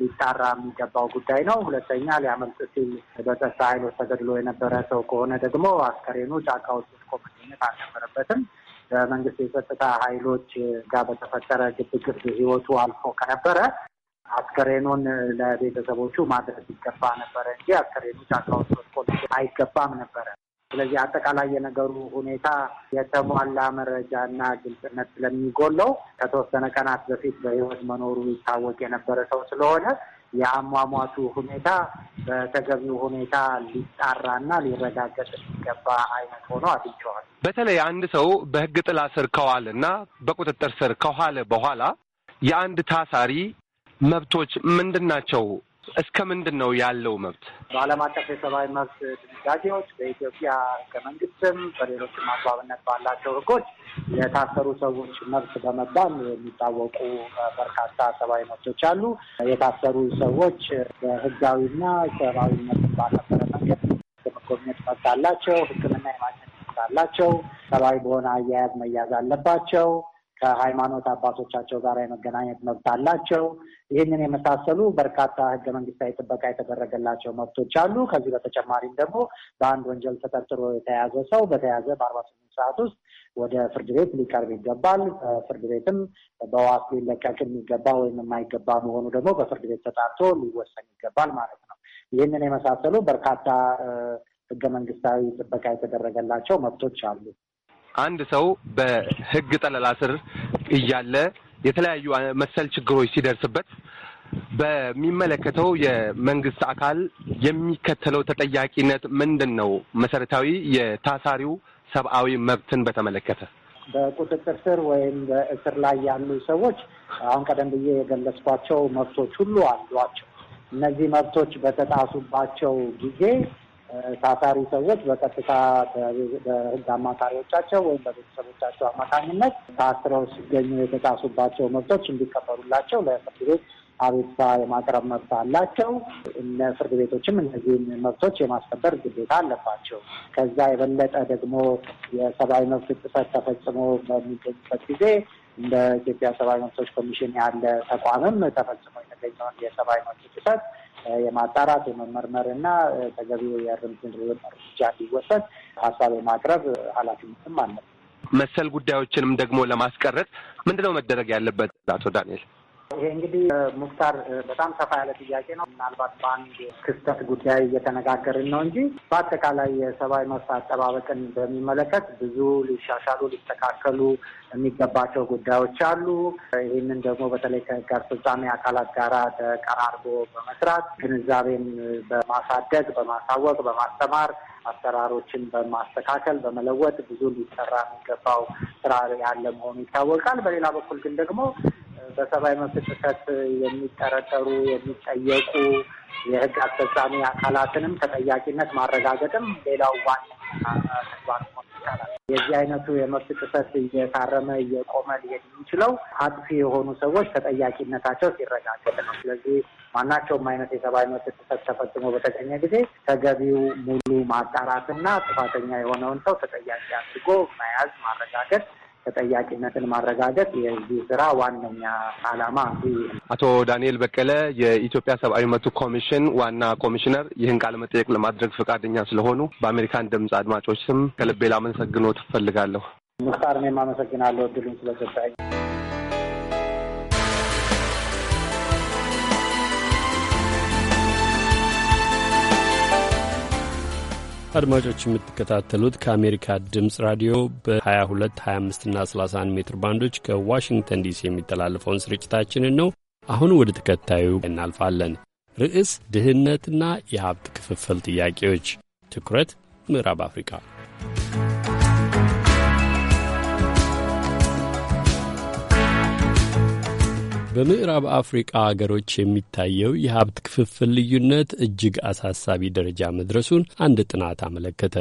ሊጣራ የሚገባው ጉዳይ ነው። ሁለተኛ ሊያመልጥ ሲል በጸጥታ ኃይሎች ተገድሎ የነበረ ሰው ከሆነ ደግሞ አስከሬኑ ጫካ ውስጥ ወድቆ መገኘት አልነበረበትም። ከመንግስት የጸጥታ ኃይሎች ጋር በተፈጠረ ግብግብ ህይወቱ አልፎ ከነበረ አስከሬኑን ለቤተሰቦቹ ማድረስ ይገባ ነበረ እንጂ አስከሬኑ ጫካ ውስጥ አይገባም ነበረ። ስለዚህ አጠቃላይ የነገሩ ሁኔታ የተሟላ መረጃና ግልጽነት ስለሚጎለው ከተወሰነ ቀናት በፊት በህይወት መኖሩ ይታወቅ የነበረ ሰው ስለሆነ የአሟሟቱ ሁኔታ በተገቢው ሁኔታ ሊጣራና ሊረጋገጥ የሚገባ አይነት ሆኖ አግኝቼዋለሁ። በተለይ አንድ ሰው በህግ ጥላ ስር ከዋለና በቁጥጥር ስር ከኋለ በኋላ የአንድ ታሳሪ መብቶች ምንድን ናቸው? እስከ ምንድን ነው ያለው መብት? በዓለም አቀፍ የሰብአዊ መብት ድንጋጌዎች በኢትዮጵያ ህገ መንግስትም በሌሎችም አግባብነት ባላቸው ህጎች የታሰሩ ሰዎች መብት በመባል የሚታወቁ በርካታ ሰብአዊ መብቶች አሉ። የታሰሩ ሰዎች በህጋዊና ሰብአዊ መብት ባልነበረ መንገድ የመጎብኘት መብት አላቸው። ህክምና የማግኘት መብት አላቸው። ሰብአዊ በሆነ አያያዝ መያዝ አለባቸው። ከሃይማኖት አባቶቻቸው ጋር የመገናኘት መብት አላቸው። ይህንን የመሳሰሉ በርካታ ህገ መንግስታዊ ጥበቃ የተደረገላቸው መብቶች አሉ። ከዚህ በተጨማሪም ደግሞ በአንድ ወንጀል ተጠርጥሮ የተያዘ ሰው በተያዘ በአርባ ስምንት ሰዓት ውስጥ ወደ ፍርድ ቤት ሊቀርብ ይገባል። ፍርድ ቤትም በዋስ ሊለቀቅ የሚገባ ወይም የማይገባ መሆኑ ደግሞ በፍርድ ቤት ተጣርቶ ሊወሰን ይገባል ማለት ነው። ይህንን የመሳሰሉ በርካታ ህገ መንግስታዊ ጥበቃ የተደረገላቸው መብቶች አሉ። አንድ ሰው በህግ ጠለላ ስር እያለ የተለያዩ መሰል ችግሮች ሲደርስበት በሚመለከተው የመንግስት አካል የሚከተለው ተጠያቂነት ምንድን ነው? መሰረታዊ የታሳሪው ሰብአዊ መብትን በተመለከተ በቁጥጥር ስር ወይም በእስር ላይ ያሉ ሰዎች አሁን ቀደም ብዬ የገለጽኳቸው መብቶች ሁሉ አሏቸው። እነዚህ መብቶች በተጣሱባቸው ጊዜ ታሳሪ ሰዎች በቀጥታ በህግ አማካሪዎቻቸው ወይም በቤተሰቦቻቸው አማካኝነት ታስረው ሲገኙ የተጣሱባቸው መብቶች እንዲከበሩላቸው ለፍርድ ቤት አቤቱታ የማቅረብ መብት አላቸው። እነ ፍርድ ቤቶችም እነዚህን መብቶች የማስከበር ግዴታ አለባቸው። ከዛ የበለጠ ደግሞ የሰብአዊ መብት ጥሰት ተፈጽሞ በሚገኙበት ጊዜ እንደ ኢትዮጵያ ሰብአዊ መብቶች ኮሚሽን ያለ ተቋምም ተፈጽሞ የተገኘውን የሰብአዊ መብት ጥሰት የማጣራት የመመርመር እና ተገቢው የእርምት እርምጃ እንዲወሰድ ሀሳብ የማቅረብ ኃላፊነትም አለ። መሰል ጉዳዮችንም ደግሞ ለማስቀረት ምንድነው መደረግ ያለበት አቶ ዳንኤል? ይሄ እንግዲህ ሙክታር በጣም ሰፋ ያለ ጥያቄ ነው። ምናልባት በአንድ ክስተት ጉዳይ እየተነጋገርን ነው እንጂ በአጠቃላይ የሰብአዊ መብት አጠባበቅን በሚመለከት ብዙ ሊሻሻሉ ሊስተካከሉ የሚገባቸው ጉዳዮች አሉ። ይህንን ደግሞ በተለይ ከህግ አስፈጻሚ አካላት ጋር ተቀራርቦ በመስራት ግንዛቤን በማሳደግ በማሳወቅ፣ በማስተማር አሰራሮችን በማስተካከል በመለወጥ ብዙ ሊሰራ የሚገባው ስራ ያለ መሆኑ ይታወቃል። በሌላ በኩል ግን ደግሞ በሰብአዊ መብት ጥሰት የሚጠረጠሩ የሚጠየቁ የህግ አስፈጻሚ አካላትንም ተጠያቂነት ማረጋገጥም ሌላው ዋና ተግባር መሆን ይቻላል። የዚህ አይነቱ የመብት ጥሰት እየታረመ እየቆመ ሊሄድ የሚችለው አጥፊ የሆኑ ሰዎች ተጠያቂነታቸው ሲረጋገጥ ነው። ስለዚህ ማናቸውም አይነት የሰብአዊ መብት ጥሰት ተፈጽሞ በተገኘ ጊዜ ተገቢው ሙሉ ማጣራትና ጥፋተኛ የሆነውን ሰው ተጠያቂ አድርጎ መያዝ ማረጋገጥ ተጠያቂነትን ማረጋገጥ የዚህ ስራ ዋነኛ ዓላማ አቶ ዳንኤል በቀለ የኢትዮጵያ ሰብአዊ መብት ኮሚሽን ዋና ኮሚሽነር ይህን ቃለ መጠየቅ ለማድረግ ፈቃደኛ ስለሆኑ በአሜሪካን ድምፅ አድማጮች ስም ከልቤ ላመሰግኖት እፈልጋለሁ። ሙክታር፣ እኔም አመሰግናለሁ እድሉን ስለሰጣኝ። አድማጮች የምትከታተሉት ከአሜሪካ ድምፅ ራዲዮ በ22፣ 25ና 31 ሜትር ባንዶች ከዋሽንግተን ዲሲ የሚተላለፈውን ስርጭታችንን ነው። አሁን ወደ ተከታዩ እናልፋለን። ርዕስ ድህነትና የሀብት ክፍፍል ጥያቄዎች፣ ትኩረት ምዕራብ አፍሪካ በምዕራብ አፍሪቃ አገሮች የሚታየው የሀብት ክፍፍል ልዩነት እጅግ አሳሳቢ ደረጃ መድረሱን አንድ ጥናት አመለከተ።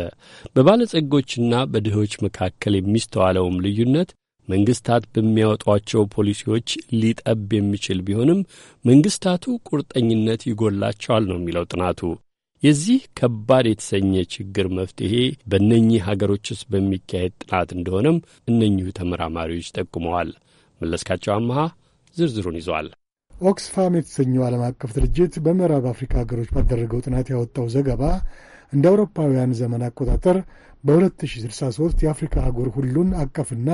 በባለጸጎችና በድሆች መካከል የሚስተዋለውም ልዩነት መንግስታት በሚያወጧቸው ፖሊሲዎች ሊጠብ የሚችል ቢሆንም መንግስታቱ ቁርጠኝነት ይጎላቸዋል ነው የሚለው ጥናቱ። የዚህ ከባድ የተሰኘ ችግር መፍትሄ በእነኚህ ሀገሮች ውስጥ በሚካሄድ ጥናት እንደሆነም እነኚሁ ተመራማሪዎች ጠቁመዋል። መለስካቸው አመሃ ዝርዝሩን ይዘዋል። ኦክስፋም የተሰኘው ዓለም አቀፍ ድርጅት በምዕራብ አፍሪካ ሀገሮች ባደረገው ጥናት ያወጣው ዘገባ እንደ አውሮፓውያን ዘመን አቆጣጠር በ2063 የአፍሪካ አህጉር ሁሉን አቀፍና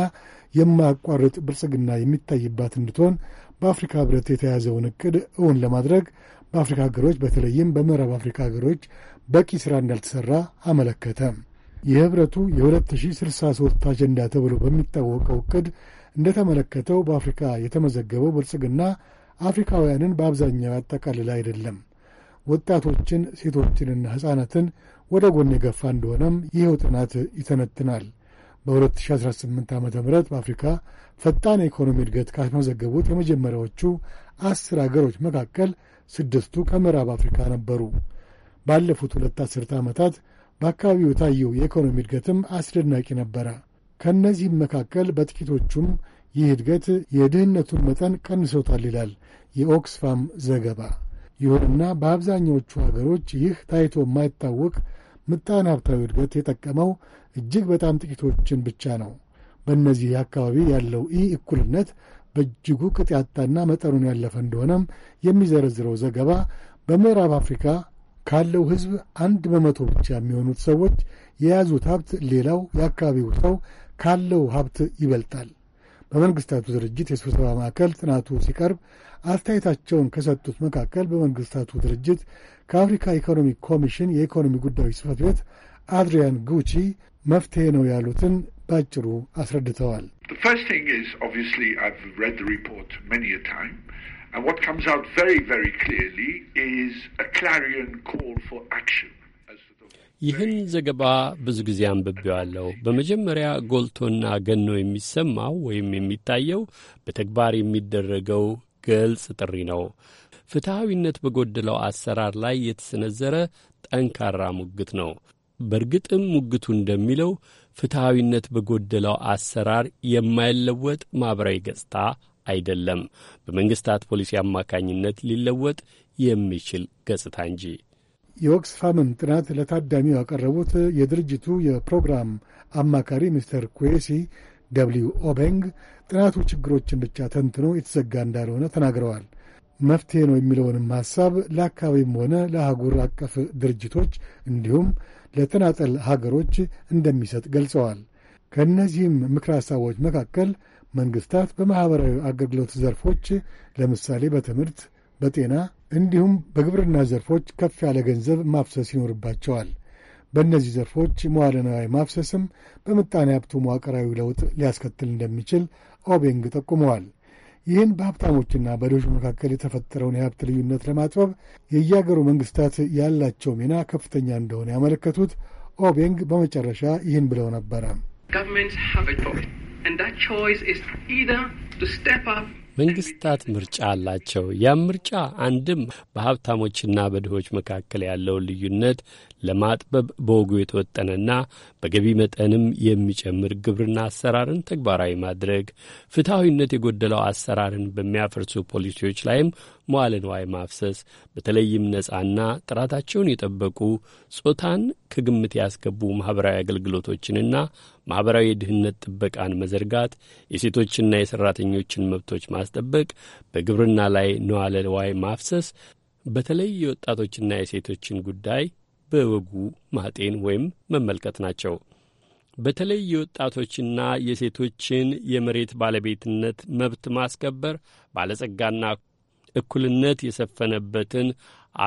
የማያቋርጥ ብልጽግና የሚታይባት እንድትሆን በአፍሪካ ህብረት የተያዘውን እቅድ እውን ለማድረግ በአፍሪካ ሀገሮች በተለይም በምዕራብ አፍሪካ ሀገሮች በቂ ሥራ እንዳልተሠራ አመለከተ። የህብረቱ የ2063 አጀንዳ ተብሎ በሚታወቀው እቅድ እንደተመለከተው በአፍሪካ የተመዘገበው ብልጽግና አፍሪካውያንን በአብዛኛው ያጠቃልል አይደለም። ወጣቶችን፣ ሴቶችንና ሕፃናትን ወደ ጎን የገፋ እንደሆነም ይኸው ጥናት ይተነትናል። በ2018 ዓ ም በአፍሪካ ፈጣን የኢኮኖሚ እድገት ካስመዘገቡት የመጀመሪያዎቹ አስር አገሮች መካከል ስድስቱ ከምዕራብ አፍሪካ ነበሩ። ባለፉት ሁለት አስርተ ዓመታት በአካባቢው የታየው የኢኮኖሚ እድገትም አስደናቂ ነበረ። ከእነዚህም መካከል በጥቂቶቹም ይህ እድገት የድህነቱን መጠን ቀንሶታል ይላል የኦክስፋም ዘገባ። ይሁንና በአብዛኛዎቹ ሀገሮች ይህ ታይቶ የማይታወቅ ምጣኔ ሀብታዊ እድገት የጠቀመው እጅግ በጣም ጥቂቶችን ብቻ ነው። በእነዚህ አካባቢ ያለው ኢ እኩልነት በእጅጉ ቅጥ ያጣና መጠኑን ያለፈ እንደሆነም የሚዘረዝረው ዘገባ በምዕራብ አፍሪካ ካለው ሕዝብ አንድ በመቶ ብቻ የሚሆኑት ሰዎች የያዙት ሀብት ሌላው የአካባቢው ሰው ካለው ሀብት ይበልጣል። በመንግስታቱ ድርጅት የስብሰባ ማዕከል ጥናቱ ሲቀርብ አስተያየታቸውን ከሰጡት መካከል በመንግስታቱ ድርጅት ከአፍሪካ ኢኮኖሚ ኮሚሽን የኢኮኖሚ ጉዳዮች ጽህፈት ቤት አድሪያን ጉቺ መፍትሄ ነው ያሉትን ባጭሩ አስረድተዋል። ይህን ዘገባ ብዙ ጊዜ አንብቤዋለሁ። በመጀመሪያ ጎልቶና ገኖ የሚሰማው ወይም የሚታየው በተግባር የሚደረገው ግልጽ ጥሪ ነው። ፍትሐዊነት በጎደለው አሰራር ላይ የተሰነዘረ ጠንካራ ሙግት ነው። በእርግጥም ሙግቱ እንደሚለው ፍትሐዊነት በጎደለው አሰራር የማይለወጥ ማኅበራዊ ገጽታ አይደለም፣ በመንግሥታት ፖሊሲ አማካኝነት ሊለወጥ የሚችል ገጽታ እንጂ። የኦክስፋምን ጥናት ለታዳሚው ያቀረቡት የድርጅቱ የፕሮግራም አማካሪ ሚስተር ኩዌሲ ደብሊው ኦቤንግ ጥናቱ ችግሮችን ብቻ ተንትኖ የተዘጋ እንዳልሆነ ተናግረዋል። መፍትሄ ነው የሚለውንም ሐሳብ ለአካባቢም ሆነ ለአህጉር አቀፍ ድርጅቶች እንዲሁም ለተናጠል ሀገሮች እንደሚሰጥ ገልጸዋል። ከእነዚህም ምክረ ሐሳቦች መካከል መንግሥታት በማኅበራዊ አገልግሎት ዘርፎች ለምሳሌ በትምህርት፣ በጤና እንዲሁም በግብርና ዘርፎች ከፍ ያለ ገንዘብ ማፍሰስ ይኖርባቸዋል። በእነዚህ ዘርፎች መዋለ ንዋይ ማፍሰስም በምጣኔ ሀብቱ መዋቅራዊ ለውጥ ሊያስከትል እንደሚችል ኦቤንግ ጠቁመዋል። ይህን በሀብታሞችና በድሆች መካከል የተፈጠረውን የሀብት ልዩነት ለማጥበብ የየአገሩ መንግስታት ያላቸው ሚና ከፍተኛ እንደሆነ ያመለከቱት ኦቤንግ በመጨረሻ ይህን ብለው ነበረ። መንግስታት ምርጫ አላቸው። ያም ምርጫ አንድም በሀብታሞችና በድሆች መካከል ያለውን ልዩነት ለማጥበብ በወጉ የተወጠነና በገቢ መጠንም የሚጨምር ግብርና አሰራርን ተግባራዊ ማድረግ፣ ፍትሐዊነት የጎደለው አሰራርን በሚያፈርሱ ፖሊሲዎች ላይም መዋለ ንዋይ ማፍሰስ፣ በተለይም ነጻና ጥራታቸውን የጠበቁ ጾታን ከግምት ያስገቡ ማኅበራዊ አገልግሎቶችንና ማኅበራዊ የድህነት ጥበቃን መዘርጋት፣ የሴቶችና የሠራተኞችን መብቶች ማስጠበቅ፣ በግብርና ላይ መዋለ ንዋይ ማፍሰስ፣ በተለይ የወጣቶችና የሴቶችን ጉዳይ በወጉ ማጤን ወይም መመልከት ናቸው። በተለይ የወጣቶችና የሴቶችን የመሬት ባለቤትነት መብት ማስከበር ባለጸጋና እኩልነት የሰፈነበትን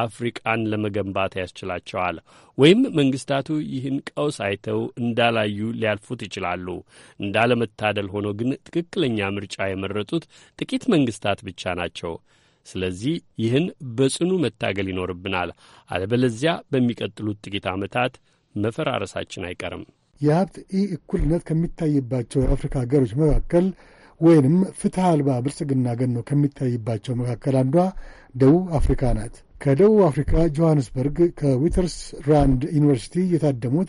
አፍሪቃን ለመገንባት ያስችላቸዋል። ወይም መንግስታቱ ይህን ቀውስ አይተው እንዳላዩ ሊያልፉት ይችላሉ። እንዳለመታደል ሆኖ ግን ትክክለኛ ምርጫ የመረጡት ጥቂት መንግስታት ብቻ ናቸው። ስለዚህ ይህን በጽኑ መታገል ይኖርብናል። አለበለዚያ በሚቀጥሉት ጥቂት ዓመታት መፈራረሳችን አይቀርም። የሀብት ኢ እኩልነት ከሚታይባቸው የአፍሪካ ሀገሮች መካከል ወይንም ፍትህ አልባ ብልጽግና ገኖ ከሚታይባቸው መካከል አንዷ ደቡብ አፍሪካ ናት። ከደቡብ አፍሪካ ጆሐንስበርግ ከዊተርስ ራንድ ዩኒቨርሲቲ የታደሙት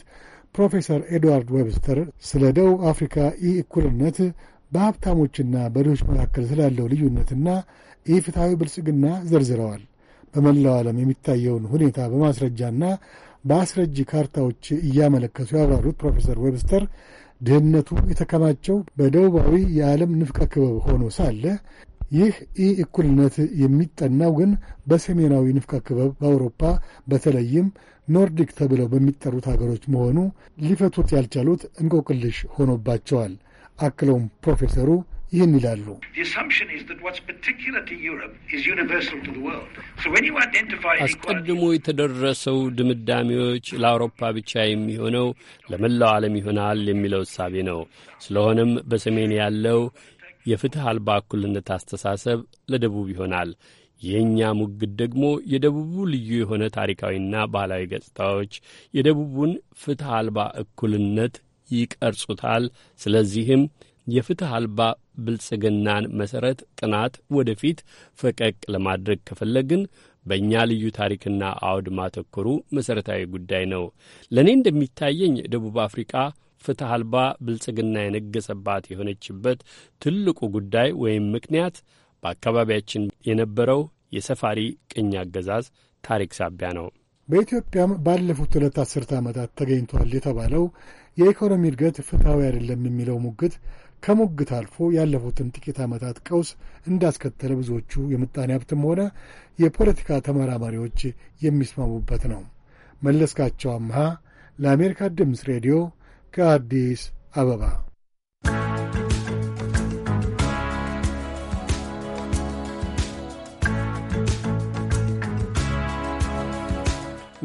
ፕሮፌሰር ኤድዋርድ ዌብስተር ስለ ደቡብ አፍሪካ ኢ እኩልነት በሀብታሞችና በድሆች መካከል ስላለው ልዩነትና ኢፍትሐዊ ብልጽግና ዘርዝረዋል። በመላው ዓለም የሚታየውን ሁኔታ በማስረጃና በአስረጂ ካርታዎች እያመለከቱ ያብራሩት ፕሮፌሰር ዌብስተር ድህነቱ የተከማቸው በደቡባዊ የዓለም ንፍቀ ክበብ ሆኖ ሳለ ይህ ኢ እኩልነት የሚጠናው ግን በሰሜናዊ ንፍቀ ክበብ በአውሮፓ በተለይም ኖርዲክ ተብለው በሚጠሩት ሀገሮች መሆኑ ሊፈቱት ያልቻሉት እንቆቅልሽ ሆኖባቸዋል። አክለውም ፕሮፌሰሩ ይህን ይላሉ። አስቀድሞ የተደረሰው ድምዳሜዎች ለአውሮፓ ብቻ የሚሆነው ለመላው ዓለም ይሆናል የሚለው እሳቤ ነው። ስለሆነም በሰሜን ያለው የፍትሕ አልባ እኩልነት አስተሳሰብ ለደቡብ ይሆናል። የእኛ ሙግድ ደግሞ የደቡቡ ልዩ የሆነ ታሪካዊና ባህላዊ ገጽታዎች የደቡቡን ፍትሕ አልባ እኩልነት ይቀርጹታል። ስለዚህም የፍትህ አልባ ብልጽግናን መሠረት ጥናት ወደፊት ፈቀቅ ለማድረግ ከፈለግን በእኛ ልዩ ታሪክና አውድ ማተኮሩ መሠረታዊ ጉዳይ ነው። ለእኔ እንደሚታየኝ ደቡብ አፍሪቃ ፍትህ አልባ ብልጽግና የነገሰባት የሆነችበት ትልቁ ጉዳይ ወይም ምክንያት በአካባቢያችን የነበረው የሰፋሪ ቅኝ አገዛዝ ታሪክ ሳቢያ ነው። በኢትዮጵያም ባለፉት ሁለት አስርተ ዓመታት ተገኝቷል የተባለው የኢኮኖሚ እድገት ፍትሐዊ አይደለም የሚለው ሙግት ከሙግት አልፎ ያለፉትን ጥቂት ዓመታት ቀውስ እንዳስከተለ ብዙዎቹ የምጣኔ ሀብትም ሆነ የፖለቲካ ተመራማሪዎች የሚስማሙበት ነው። መለስካቸው አምሃ ለአሜሪካ ድምፅ ሬዲዮ ከአዲስ አበባ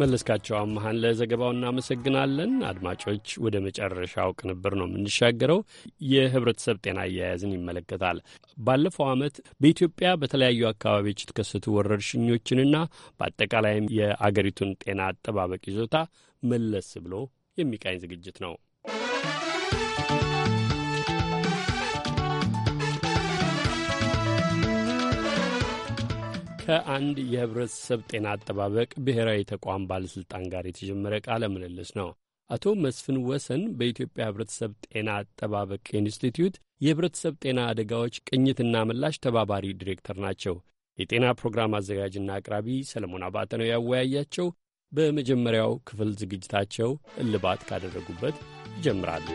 መለስካቸው አመሀን ለዘገባው እናመሰግናለን። አድማጮች፣ ወደ መጨረሻው ቅንብር ነው የምንሻገረው። የህብረተሰብ ጤና አያያዝን ይመለከታል። ባለፈው ዓመት በኢትዮጵያ በተለያዩ አካባቢዎች የተከሰቱ ወረርሽኞችንና በአጠቃላይም የአገሪቱን ጤና አጠባበቅ ይዞታ መለስ ብሎ የሚቃኝ ዝግጅት ነው። ከአንድ የህብረተሰብ ጤና አጠባበቅ ብሔራዊ ተቋም ባለሥልጣን ጋር የተጀመረ ቃለ ምልልስ ነው። አቶ መስፍን ወሰን በኢትዮጵያ ህብረተሰብ ጤና አጠባበቅ ኢንስቲትዩት የህብረተሰብ ጤና አደጋዎች ቅኝትና ምላሽ ተባባሪ ዲሬክተር ናቸው። የጤና ፕሮግራም አዘጋጅና አቅራቢ ሰለሞን አባተ ነው ያወያያቸው። በመጀመሪያው ክፍል ዝግጅታቸው እልባት ካደረጉበት ይጀምራሉ።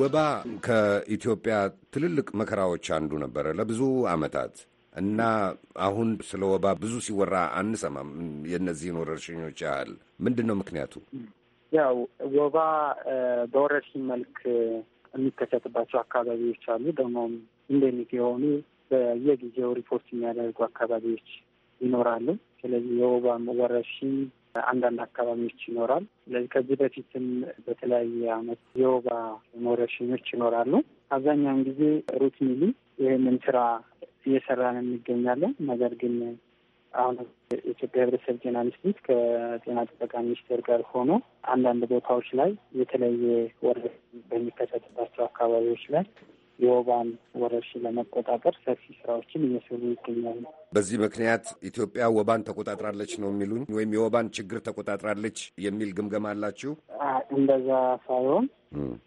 ወባ ከኢትዮጵያ ትልልቅ መከራዎች አንዱ ነበረ ለብዙ ዓመታት እና አሁን ስለ ወባ ብዙ ሲወራ አንሰማም። የእነዚህን ወረርሽኞች ያህል ምንድን ነው ምክንያቱ? ያው ወባ በወረርሽኝ መልክ የሚከሰትባቸው አካባቢዎች አሉ። ደግሞም እንደሚት የሆኑ በየጊዜው ሪፖርት የሚያደርጉ አካባቢዎች ይኖራሉ። ስለዚህ የወባ ወረርሽኝ አንዳንድ አካባቢዎች ይኖራል። ስለዚህ ከዚህ በፊትም በተለያየ አመት የወባ ወረርሽኞች ይኖራሉ። አብዛኛውን ጊዜ ሩት ሚሊ ይህንን ስራ እየሰራን እንገኛለን። ነገር ግን አሁን የኢትዮጵያ ህብረተሰብ ጤና ኢንስቲትዩት ከጤና ጥበቃ ሚኒስቴር ጋር ሆኖ አንዳንድ ቦታዎች ላይ የተለየ ወረርሽኝ በሚከሰትባቸው አካባቢዎች ላይ የወባን ወረርሽኝ ለመቆጣጠር ሰፊ ስራዎችን እየሰሩ ይገኛሉ። በዚህ ምክንያት ኢትዮጵያ ወባን ተቆጣጥራለች ነው የሚሉኝ? ወይም የወባን ችግር ተቆጣጥራለች የሚል ግምገማ አላችሁ? እንደዛ ሳይሆን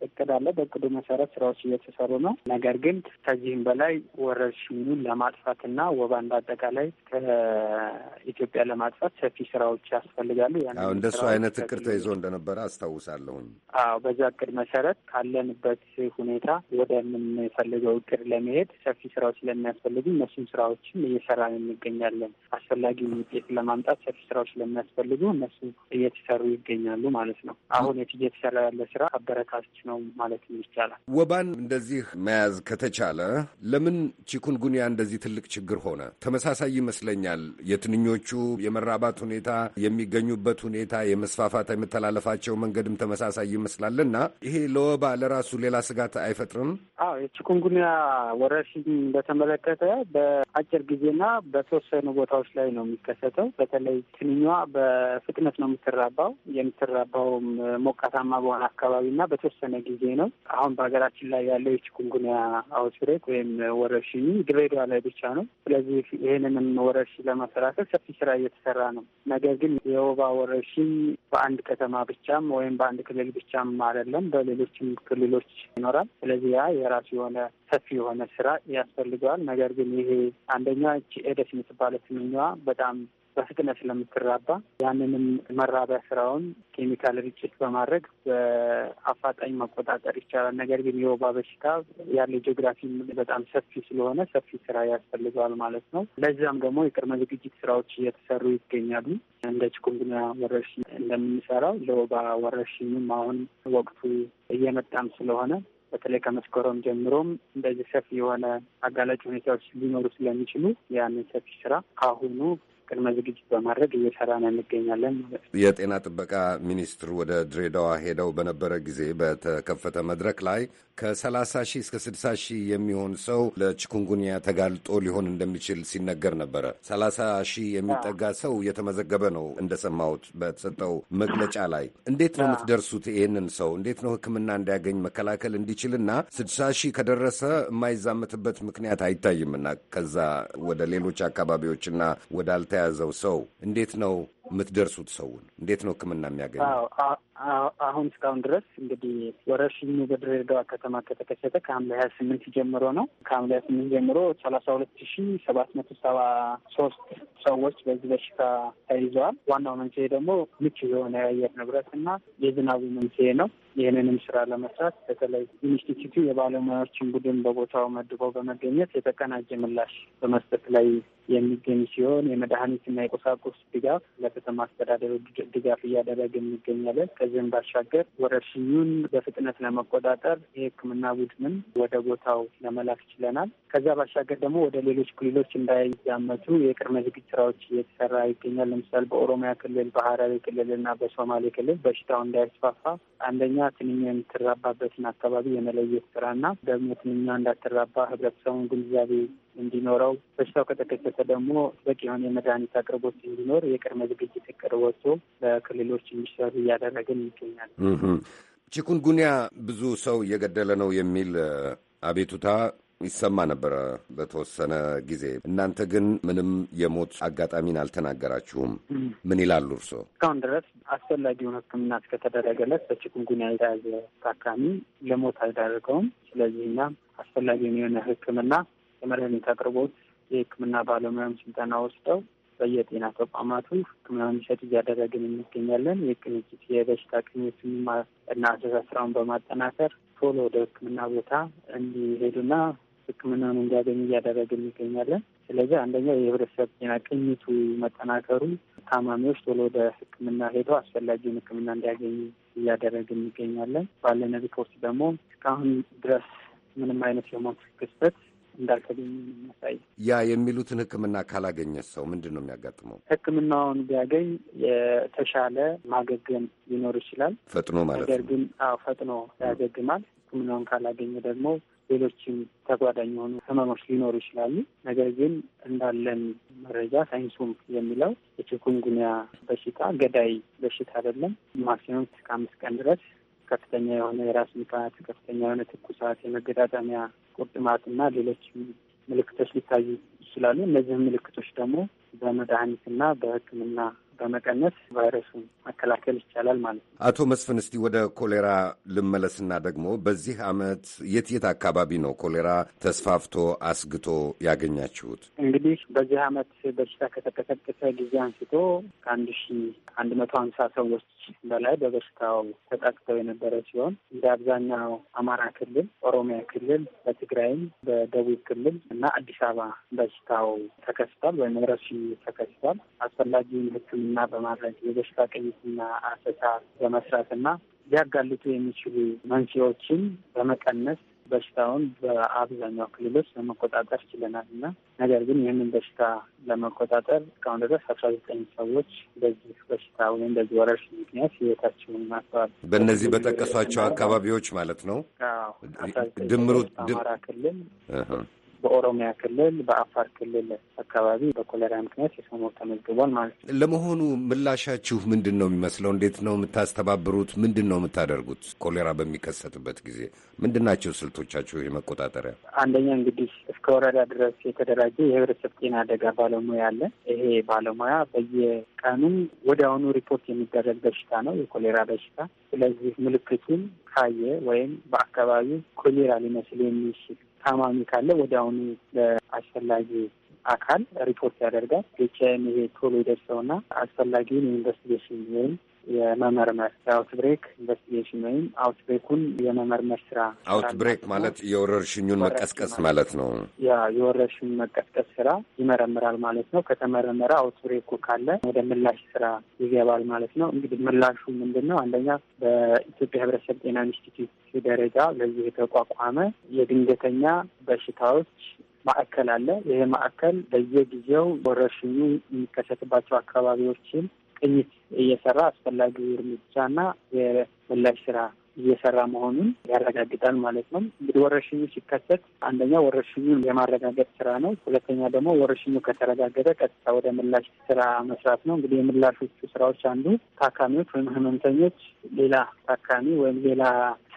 እቅድ አለ። በእቅዱ መሰረት ስራዎች እየተሰሩ ነው። ነገር ግን ከዚህም በላይ ወረርሽኙን ለማጥፋትና ወባን በአጠቃላይ ከኢትዮጵያ ለማጥፋት ሰፊ ስራዎች ያስፈልጋሉ። እንደሱ አይነት እቅድ ተይዞ እንደነበረ አስታውሳለሁኝ። አዎ፣ በዛ እቅድ መሰረት ካለንበት ሁኔታ ወደምንፈልገው እቅድ ለመሄድ ሰፊ ስራዎች ስለሚያስፈልጉ እነሱም ስራዎችም እየሰራን እንገኛለን። አስፈላጊ ውጤት ለማምጣት ሰፊ ስራዎች ስለሚያስፈልጉ እነሱ እየተሰሩ ይገኛሉ ማለት ነው። አሁን እየተሰራ ያለ ስራ አበረታ አካሎች ነው ማለት ይቻላል። ወባን እንደዚህ መያዝ ከተቻለ ለምን ቺኩንጉንያ እንደዚህ ትልቅ ችግር ሆነ? ተመሳሳይ ይመስለኛል። የትንኞቹ የመራባት ሁኔታ፣ የሚገኙበት ሁኔታ፣ የመስፋፋት የመተላለፋቸው መንገድም ተመሳሳይ ይመስላል እና ይሄ ለወባ ለራሱ ሌላ ስጋት አይፈጥርም? አዎ የቺኩንጉንያ ወረርሽኝ በተመለከተ በአጭር ጊዜና በተወሰኑ ቦታዎች ላይ ነው የሚከሰተው። በተለይ ትንኛ በፍጥነት ነው የምትራባው። የምትራባውም ሞቃታማ በሆነ አካባቢና የተወሰነ ጊዜ ነው። አሁን በሀገራችን ላይ ያለው የቺኩንጉንያ አውትብሬክ ወይም ወረርሽኝ ድሬዳዋ ላይ ብቻ ነው። ስለዚህ ይህንንም ወረርሽኝ ለመከላከል ሰፊ ስራ እየተሰራ ነው። ነገር ግን የወባ ወረርሽኝ በአንድ ከተማ ብቻም ወይም በአንድ ክልል ብቻም አይደለም፣ በሌሎችም ክልሎች ይኖራል። ስለዚህ ያ የራሱ የሆነ ሰፊ የሆነ ስራ ያስፈልገዋል። ነገር ግን ይሄ አንደኛ ኤደስ የምትባለ ትንኛዋ በጣም በፍጥነት ስለምትራባ ያንንም መራቢያ ስራውን ኬሚካል ርጭት በማድረግ በአፋጣኝ መቆጣጠር ይቻላል። ነገር ግን የወባ በሽታ ያለ ጂኦግራፊ በጣም ሰፊ ስለሆነ ሰፊ ስራ ያስፈልገዋል ማለት ነው። ለዚያም ደግሞ የቅድመ ዝግጅት ስራዎች እየተሰሩ ይገኛሉ። እንደ ችኩንጉንያ ወረርሽኝ እንደምንሰራው ለወባ ወረርሽኝም አሁን ወቅቱ እየመጣም ስለሆነ በተለይ ከመስከረም ጀምሮም እንደዚህ ሰፊ የሆነ አጋላጭ ሁኔታዎች ሊኖሩ ስለሚችሉ ያንን ሰፊ ስራ ከአሁኑ ቅድመ ዝግጅት በማድረግ እየሰራን እንገኛለን ማለት ነው። የጤና ጥበቃ ሚኒስትር ወደ ድሬዳዋ ሄደው በነበረ ጊዜ በተከፈተ መድረክ ላይ ከሰላሳ ሺህ እስከ ስድሳ ሺህ የሚሆን ሰው ለችኩንጉንያ ተጋልጦ ሊሆን እንደሚችል ሲነገር ነበረ። ሰላሳ ሺህ የሚጠጋ ሰው የተመዘገበ ነው እንደሰማሁት በተሰጠው መግለጫ ላይ። እንዴት ነው የምትደርሱት? ይህንን ሰው እንዴት ነው ሕክምና እንዲያገኝ መከላከል እንዲችልና ስድሳ ሺህ ከደረሰ የማይዛመትበት ምክንያት አይታይምና ከዛ ወደ ሌሎች አካባቢዎችና ወዳልተ የተያዘው ሰው እንዴት ነው የምትደርሱት? ሰውን እንዴት ነው ህክምና የሚያገኘው? አሁን እስካሁን ድረስ እንግዲህ ወረርሽኙ በድሬዳዋ ከተማ ከተከሰተ ከሐምሌ ሀያ ስምንት ጀምሮ ነው። ከሐምሌ ሀያ ስምንት ጀምሮ ሰላሳ ሁለት ሺ ሰባት መቶ ሰባ ሶስት ሰዎች በዚህ በሽታ ተይዘዋል። ዋናው መንስኤ ደግሞ ምቹ የሆነ የአየር ንብረት እና የዝናቡ መንስኤ ነው። ይህንንም ስራ ለመስራት በተለይ ኢንስቲትዩቱ የባለሙያዎችን ቡድን በቦታው መድቦ በመገኘት የተቀናጀ ምላሽ በመስጠት ላይ የሚገኝ ሲሆን የመድኃኒትና የቁሳቁስ ድጋፍ ለከተማ አስተዳደሩ ድጋፍ እያደረገ እንገኛለን። ከዚህም ባሻገር ወረርሽኙን በፍጥነት ለመቆጣጠር የሕክምና ቡድንም ወደ ቦታው ለመላክ ችለናል። ከዛ ባሻገር ደግሞ ወደ ሌሎች ክልሎች እንዳይዛመቱ የቅድመ ዝግጅት ስራዎች እየተሰራ ይገኛል። ለምሳሌ በኦሮሚያ ክልል፣ በሀረሪ ክልል እና በሶማሌ ክልል በሽታው እንዳይስፋፋ አንደኛ ትንኛ የምትራባበትን አካባቢ የመለየት ስራና ደግሞ ትንኛ እንዳትራባ ህብረተሰቡን ግንዛቤ እንዲኖረው በሽታው ከተከሰተ ደግሞ በቂ የሆነ የመድኃኒት አቅርቦት እንዲኖር የቅድመ ዝግጅት እቅድ ወጥቶ በክልሎች እንዲሰሩ እያደረገ ይገኛል። ቺኩንጉኒያ ብዙ ሰው እየገደለ ነው የሚል አቤቱታ ይሰማ ነበረ በተወሰነ ጊዜ። እናንተ ግን ምንም የሞት አጋጣሚን አልተናገራችሁም። ምን ይላሉ እርስዎ? እስካሁን ድረስ አስፈላጊውን ሕክምና እስከተደረገለት በችኩንጉኒያ የተያዘ ታካሚ ለሞት አልዳረገውም። ስለዚህ እኛ አስፈላጊውን የሆነ ሕክምና የመድኃኒት አቅርቦት የሕክምና ባለሙያም ስልጠና ወስደው በየጤና ተቋማቱ ሕክምና እንዲሰጥ እያደረግን እንገኛለን። የቅንጅት የበሽታ ቅኝት እና አሰሳ ስራውን በማጠናከር ቶሎ ወደ ሕክምና ቦታ እንዲሄዱና ሕክምናን እንዲያገኙ እያደረግን እንገኛለን። ስለዚህ አንደኛው የህብረተሰብ ጤና ቅኝቱ መጠናከሩ ታማሚዎች ቶሎ ወደ ሕክምና ሄደው አስፈላጊውን ሕክምና እንዲያገኙ እያደረግን እንገኛለን። ባለን ሪፖርት ደግሞ እስካሁን ድረስ ምንም አይነት የሞት ክስተት እንዳልተገኘ ነው ያ የሚሉትን ሕክምና ካላገኘ ሰው ምንድን ነው የሚያጋጥመው? ሕክምናውን ቢያገኝ የተሻለ ማገገም ሊኖር ይችላል። ፈጥኖ ማለት ነገር ግን አዎ ፈጥኖ ያገግማል። ሕክምናውን ካላገኘ ደግሞ ሌሎችም ተጓዳኝ የሆኑ ህመሞች ሊኖሩ ይችላሉ። ነገር ግን እንዳለን መረጃ ሳይንሱም የሚለው የቺኩንጉንያ በሽታ ገዳይ በሽታ አይደለም። ማክሲመም እስከ አምስት ቀን ድረስ ከፍተኛ የሆነ የራስ ምታት፣ ከፍተኛ የሆነ ትኩሳት፣ የመገጣጠሚያ እና ሌሎች ምልክቶች ሊታዩ ይችላሉ። እነዚህም ምልክቶች ደግሞ በመድኃኒትና በሕክምና በመቀነስ ቫይረሱን መከላከል ይቻላል ማለት ነው። አቶ መስፍን እስቲ ወደ ኮሌራ ልመለስና ደግሞ በዚህ ዓመት የት የት አካባቢ ነው ኮሌራ ተስፋፍቶ አስግቶ ያገኛችሁት? እንግዲህ በዚህ ዓመት በሽታ ከተቀሰቀሰ ጊዜ አንስቶ ከአንድ ሺ አንድ መቶ ሀምሳ ሰዎች በላይ በበሽታው ተጠቅተው የነበረ ሲሆን እንደ አብዛኛው አማራ ክልል፣ ኦሮሚያ ክልል፣ በትግራይም በደቡብ ክልል እና አዲስ አበባ በሽታው ተከስቷል ወይም ወረርሽኙ ተከስቷል። አስፈላጊ ሕክምና ሕክምና በማድረግ የበሽታ ቅኝትና አሰሳ በመስራት ሊያጋልጡ የሚችሉ መንስኤዎችን በመቀነስ በሽታውን በአብዛኛው ክልሎች ለመቆጣጠር ችለናል እና ነገር ግን ይህንን በሽታ ለመቆጣጠር እስካሁን ድረስ አስራ ዘጠኝ ሰዎች በዚህ በሽታ ወይም በዚህ ወረርሽ ምክንያት ህይወታቸውን ማስተዋል በእነዚህ በጠቀሷቸው አካባቢዎች ማለት ነው። ድምሩ አማራ ክልል በኦሮሚያ ክልል፣ በአፋር ክልል አካባቢ በኮሌራ ምክንያት የሰው ሞት ተመዝግቧል ማለት ነው። ለመሆኑ ምላሻችሁ ምንድን ነው የሚመስለው? እንዴት ነው የምታስተባብሩት? ምንድን ነው የምታደርጉት? ኮሌራ በሚከሰትበት ጊዜ ምንድን ናቸው ስልቶቻችሁ የመቆጣጠሪያ? አንደኛ እንግዲህ እስከ ወረዳ ድረስ የተደራጀ የህብረተሰብ ጤና አደጋ ባለሙያ አለ። ይሄ ባለሙያ በየቀኑ ወዲያውኑ ሪፖርት የሚደረግ በሽታ ነው የኮሌራ በሽታ። ስለዚህ ምልክቱን ካየ ወይም በአካባቢው ኮሌራ ሊመስል የሚችል ታማሚ ካለ ወደ አሁኑ ለአስፈላጊ አካል ሪፖርት ያደርጋል። ቼ ቶሎ ይደርሰውና አስፈላጊውን የኢንቨስቲጌሽን ወይም የመመርመር የአውትብሬክ ኢንቨስቲጌሽን ወይም አውትብሬኩን የመመርመር ስራ አውትብሬክ ማለት የወረርሽኙን መቀስቀስ ማለት ነው። ያ የወረርሽኙ መቀስቀስ ስራ ይመረምራል ማለት ነው። ከተመረመረ አውትብሬኩ ካለ ወደ ምላሽ ስራ ይገባል ማለት ነው። እንግዲህ ምላሹ ምንድን ነው? አንደኛ በኢትዮጵያ ሕብረተሰብ ጤና ኢንስቲትዩት ደረጃ ለዚህ የተቋቋመ የድንገተኛ በሽታዎች ማዕከል አለ። ይሄ ማዕከል በየጊዜው ወረርሽኙ የሚከሰትባቸው አካባቢዎችን ቅኝት እየሰራ አስፈላጊው እርምጃና የምላሽ ስራ እየሰራ መሆኑን ያረጋግጣል ማለት ነው። እንግዲህ ወረርሽኙ ሲከሰት አንደኛ ወረርሽኙን የማረጋገጥ ስራ ነው። ሁለተኛ ደግሞ ወረርሽኙ ከተረጋገጠ ቀጥታ ወደ ምላሽ ስራ መስራት ነው። እንግዲህ የምላሾቹ ስራዎች አንዱ ታካሚዎች ወይም ህመምተኞች ሌላ ታካሚ ወይም ሌላ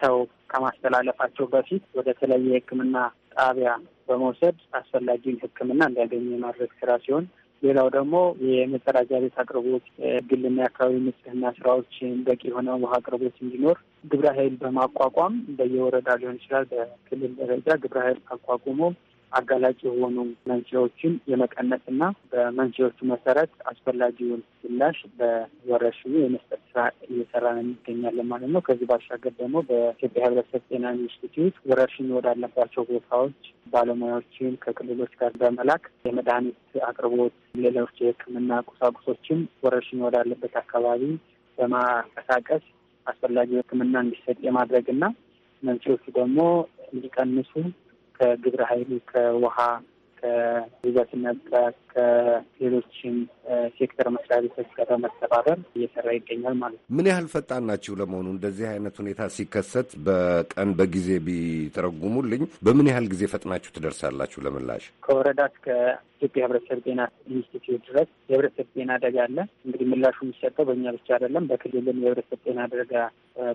ሰው ከማስተላለፋቸው በፊት ወደ ተለያየ የሕክምና ጣቢያ በመውሰድ አስፈላጊውን ሕክምና እንዲያገኙ የማድረግ ስራ ሲሆን ሌላው ደግሞ የመጸዳጃ ቤት አቅርቦት፣ ግልና የአካባቢ ንጽህና ስራዎችን፣ በቂ የሆነ ውሃ አቅርቦት እንዲኖር ግብረ ኃይል በማቋቋም በየወረዳ ሊሆን ይችላል፣ በክልል ደረጃ ግብረ ኃይል አቋቁሞ አጋላጭ የሆኑ መንስኤዎችን የመቀነስና በመንስኤዎቹ መሰረት አስፈላጊውን ምላሽ በወረርሽኙ የመስጠት ስራ እየሰራ እንገኛለን ማለት ነው። ከዚህ ባሻገር ደግሞ በኢትዮጵያ ሕብረተሰብ ጤና ኢንስቲትዩት ወረርሽኝ ወዳለባቸው ቦታዎች ባለሙያዎችን ከክልሎች ጋር በመላክ የመድኃኒት አቅርቦት፣ ሌሎች የሕክምና ቁሳቁሶችን ወረርሽኝ ወዳለበት አካባቢ በማንቀሳቀስ አስፈላጊው ሕክምና እንዲሰጥ የማድረግና መንስኤዎቹ ደግሞ እንዲቀንሱ ከግብረ ኃይል ከውሃ ከጉዛትና ከሌሎችም ሴክተር መስሪያ ቤቶች ጋር በመተባበር እየሰራ ይገኛል ማለት ነው። ምን ያህል ፈጣን ናችሁ ለመሆኑ? እንደዚህ አይነት ሁኔታ ሲከሰት በቀን በጊዜ ቢተረጉሙልኝ፣ በምን ያህል ጊዜ ፈጥናችሁ ትደርሳላችሁ ለምላሽ? ከወረዳ እስከ ኢትዮጵያ ህብረተሰብ ጤና ኢንስቲትዩት ድረስ የህብረተሰብ ጤና አደጋ አለ። እንግዲህ ምላሹ የሚሰጠው በእኛ ብቻ አይደለም። በክልልም የህብረተሰብ ጤና አደጋ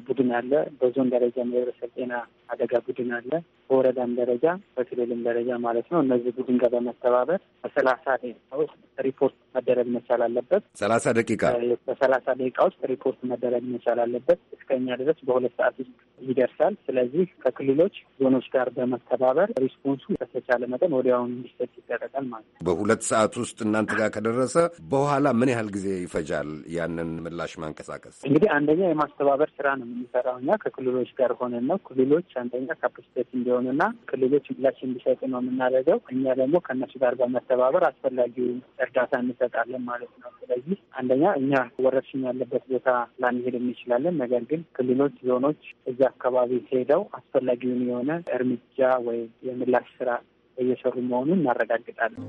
ቡድን አለ። በዞን ደረጃም የህብረተሰብ ጤና አደጋ ቡድን አለ። በወረዳም ደረጃ በክልልም ደረጃ ማለት ነው። እነዚህ ቡድን ጋ በመተባበር በሰላሳ ደቂቃ ውስጥ ሪፖርት መደረግ መቻል አለበት። ሰላሳ ደቂቃ በሰላሳ ደቂቃ ውስጥ ሪፖርት መደረግ መቻል አለበት። እስከኛ ድረስ በሁለት ሰዓት ውስጥ ይደርሳል። ስለዚህ ከክልሎች ዞኖች ጋር በመተባበር ሪስፖንሱ በተቻለ መጠን ወዲያውኑ እንዲሰጥ ይደረጋል ማለት ነው። በሁለት ሰዓት ውስጥ እናንተ ጋር ከደረሰ በኋላ ምን ያህል ጊዜ ይፈጃል ያንን ምላሽ ማንቀሳቀስ? እንግዲህ አንደኛ የማስተባበር ስራ ነው የምንሰራው እኛ ከክልሎች ጋር ሆነን ነው። ክልሎች አንደኛ ካፓሲቴት እንዲሆኑና ክልሎች ምላሽ እንዲሰጡ ነው የምናደርገው እኛ ደግሞ ከእነሱ ጋር በመተባበር አስፈላጊውን እርዳታ እንሰጣለን ማለት ነው። ስለዚህ አንደኛ እኛ ወረርሽኝ ያለበት ቦታ ላንሄድ እንችላለን። ነገር ግን ክልሎች፣ ዞኖች እዚያ አካባቢ ሄደው አስፈላጊውን የሆነ እርምጃ ወይም የምላሽ ስራ እየሰሩ መሆኑን እናረጋግጣለን።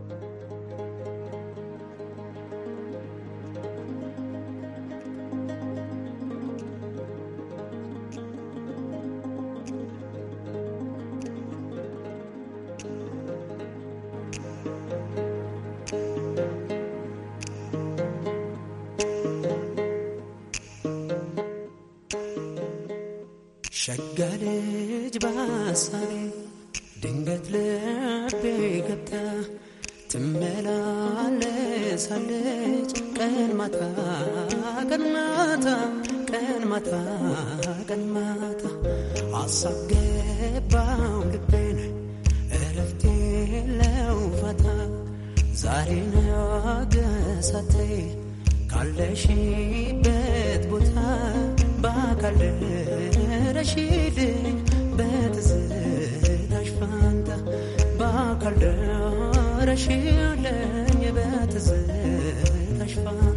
ሸጋ ልጅ ድንገት ልቤ ገብታ ትመላለሳለች ቀን ማታ ቀን ማታ ቀን ማታ ቀን ማታ አሳብ ገባው ልቤን እረፍቴ ለውፋታ ዛሬ ነገ ሳቴ ካለሽበት ቦታ በአካል ደረሽልኝ በትዝታሽ ፋንታ በአካል ደረሽልኝ በትዝታሽ ፋንታ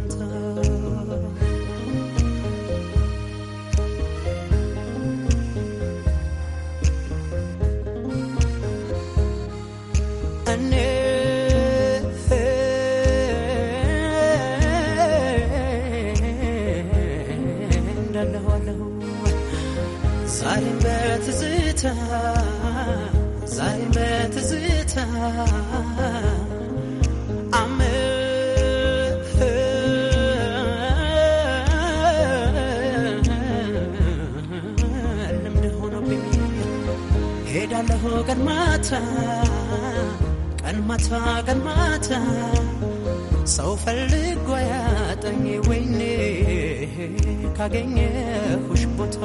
ፈልጎ ያጠኝ ወይኔ ካገኘሁሽ ቦታ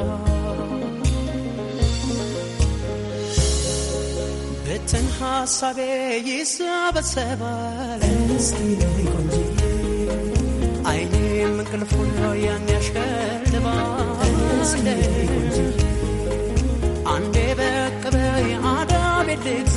ቤትን ሀሳቤ ይሰበሰባል አይኔም እንቅልፍ ሁሉ ያን ያሽከልባል አንዴ በቅበይ አዳቤ ልግዛ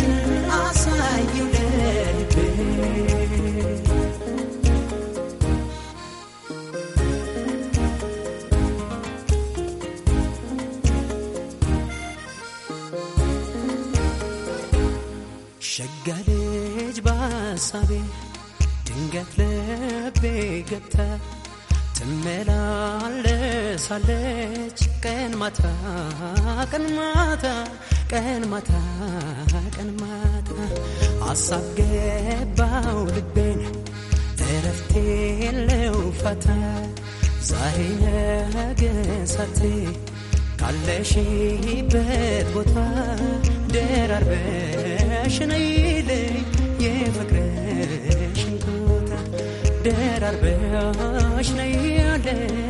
ሸጋ ልጅ በሐሳቤ ድንገት ልቤ ገብታ ትመላለሳለች ቀን ማታ ቀን ማታ ቀን ማታ ቀን ማታ አሳብ ገባው ልቤን እረፍቴ ለውፋታ ዛሬ ነገ ሳቴ ካለሽበት ቦታ ደራርበ ነሽነይልኝ የፍቅርሽን ኩታ ደራርበሽ ነያለኝ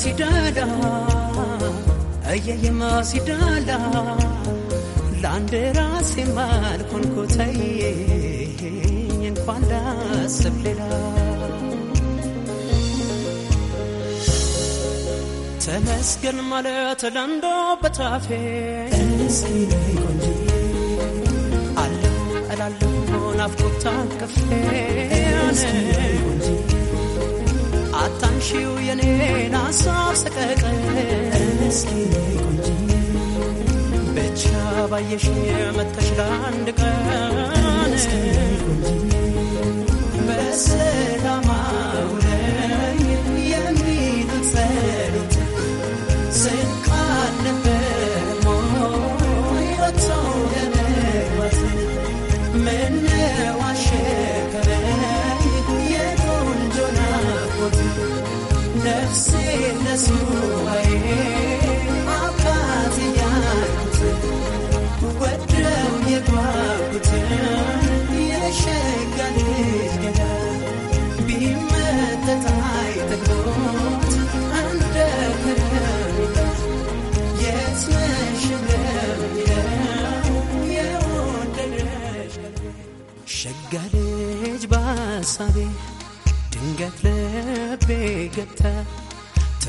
ሲዳላ እየየማ ሲዳላ ለአንድ ራሴ ማልኮንኮተይኝ እንኳን ላስብ ሌላ ተመስገን ማለት ለንዶ በታፌ አለው እላለሁ ናፍቆታ ከፌ ያልሽው የኔን ሀሳብ ብቻ ባየሽ መተሽ ለአንድ ቀን በሰላማ ሸጋ ልጅ ባሳቤ ድንገት ልቤ ገብታ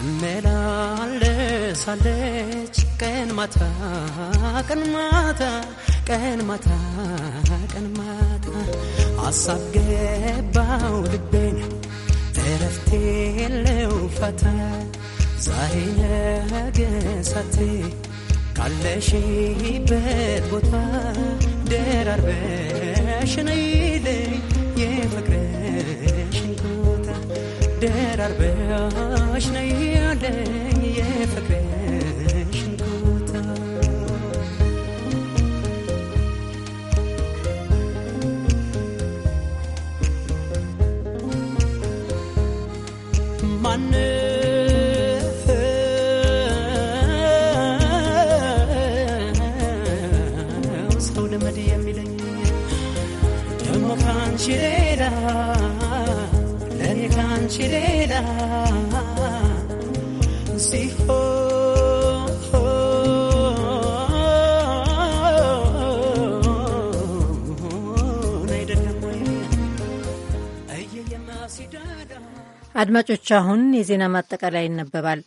ትመላለሳለች ቀን ማታ ቀን ማታ ቀን ማታ ቀን ማታ አሳብ ገባው ልቤን እረፍቴ የለው ፈታ ዛሬ ነገ ሳቴ ካለሽበት ቦታ ደራርበሽ ነይልኝ የፍቅር ደራርበሽ ነይ ያለኝ የፍቅርሽን ቦታ ማን ሰው ልመድ የሚለኝ ደግሞ ካንቺ ሌላ ካንቺ ሌላ oh, oh. አድማጮች፣ አሁን የዜና ማጠቃለያ ይነበባል።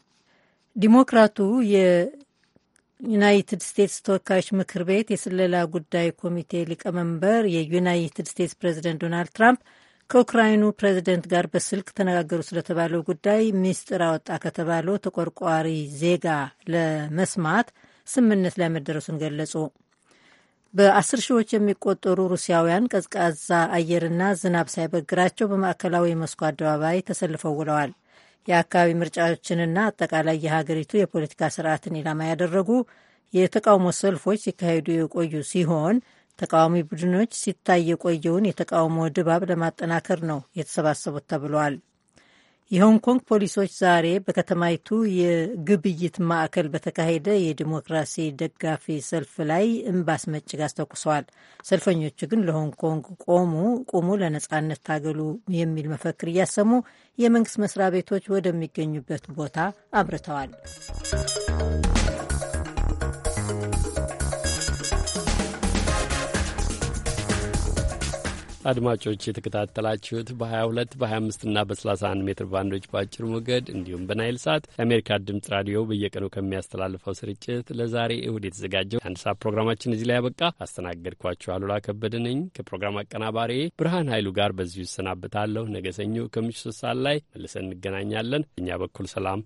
ዲሞክራቱ የዩናይትድ ስቴትስ ተወካዮች ምክር ቤት የስለላ ጉዳይ ኮሚቴ ሊቀመንበር የዩናይትድ ስቴትስ ፕሬዚደንት ዶናልድ ትራምፕ ከኡክራይኑ ፕሬዚደንት ጋር በስልክ ተነጋገሩ ስለተባለው ጉዳይ ሚስጥር አወጣ ከተባለው ተቆርቋሪ ዜጋ ለመስማት ስምምነት ላይ መደረሱን ገለጹ። በአስር ሺዎች የሚቆጠሩ ሩሲያውያን ቀዝቃዛ አየርና ዝናብ ሳይበግራቸው በማዕከላዊ የሞስኮ አደባባይ ተሰልፈው ውለዋል። የአካባቢ ምርጫዎችንና አጠቃላይ የሀገሪቱ የፖለቲካ ስርዓትን ኢላማ ያደረጉ የተቃውሞ ሰልፎች ሲካሄዱ የቆዩ ሲሆን ተቃዋሚ ቡድኖች ሲታይ የቆየውን የተቃውሞ ድባብ ለማጠናከር ነው የተሰባሰቡት ተብሏል። የሆንግ ኮንግ ፖሊሶች ዛሬ በከተማይቱ የግብይት ማዕከል በተካሄደ የዲሞክራሲ ደጋፊ ሰልፍ ላይ እምባስ አስመጭ ጋዝ ተኩሰዋል። ሰልፈኞቹ ግን ለሆንግ ኮንግ ቆሙ ቁሙ፣ ለነጻነት ታገሉ የሚል መፈክር እያሰሙ የመንግስት መስሪያ ቤቶች ወደሚገኙበት ቦታ አምርተዋል። አድማጮች የተከታተላችሁት በ22 በ25 እና በ31 ሜትር ባንዶች በአጭር ሞገድ እንዲሁም በናይል ሳት የአሜሪካ ድምፅ ራዲዮ በየቀኑ ከሚያስተላልፈው ስርጭት ለዛሬ እሁድ የተዘጋጀው አንድ ሰዓት ፕሮግራማችን እዚህ ላይ ያበቃ። አስተናገድኳችሁ አሉላ ከበደ ነኝ ከፕሮግራም አቀናባሪ ብርሃን ኃይሉ ጋር በዚሁ ይሰናብታለሁ። ነገ ሰኞ ከምሽቱ ሶስት ሰዓት ላይ መልሰን እንገናኛለን። እኛ በኩል ሰላም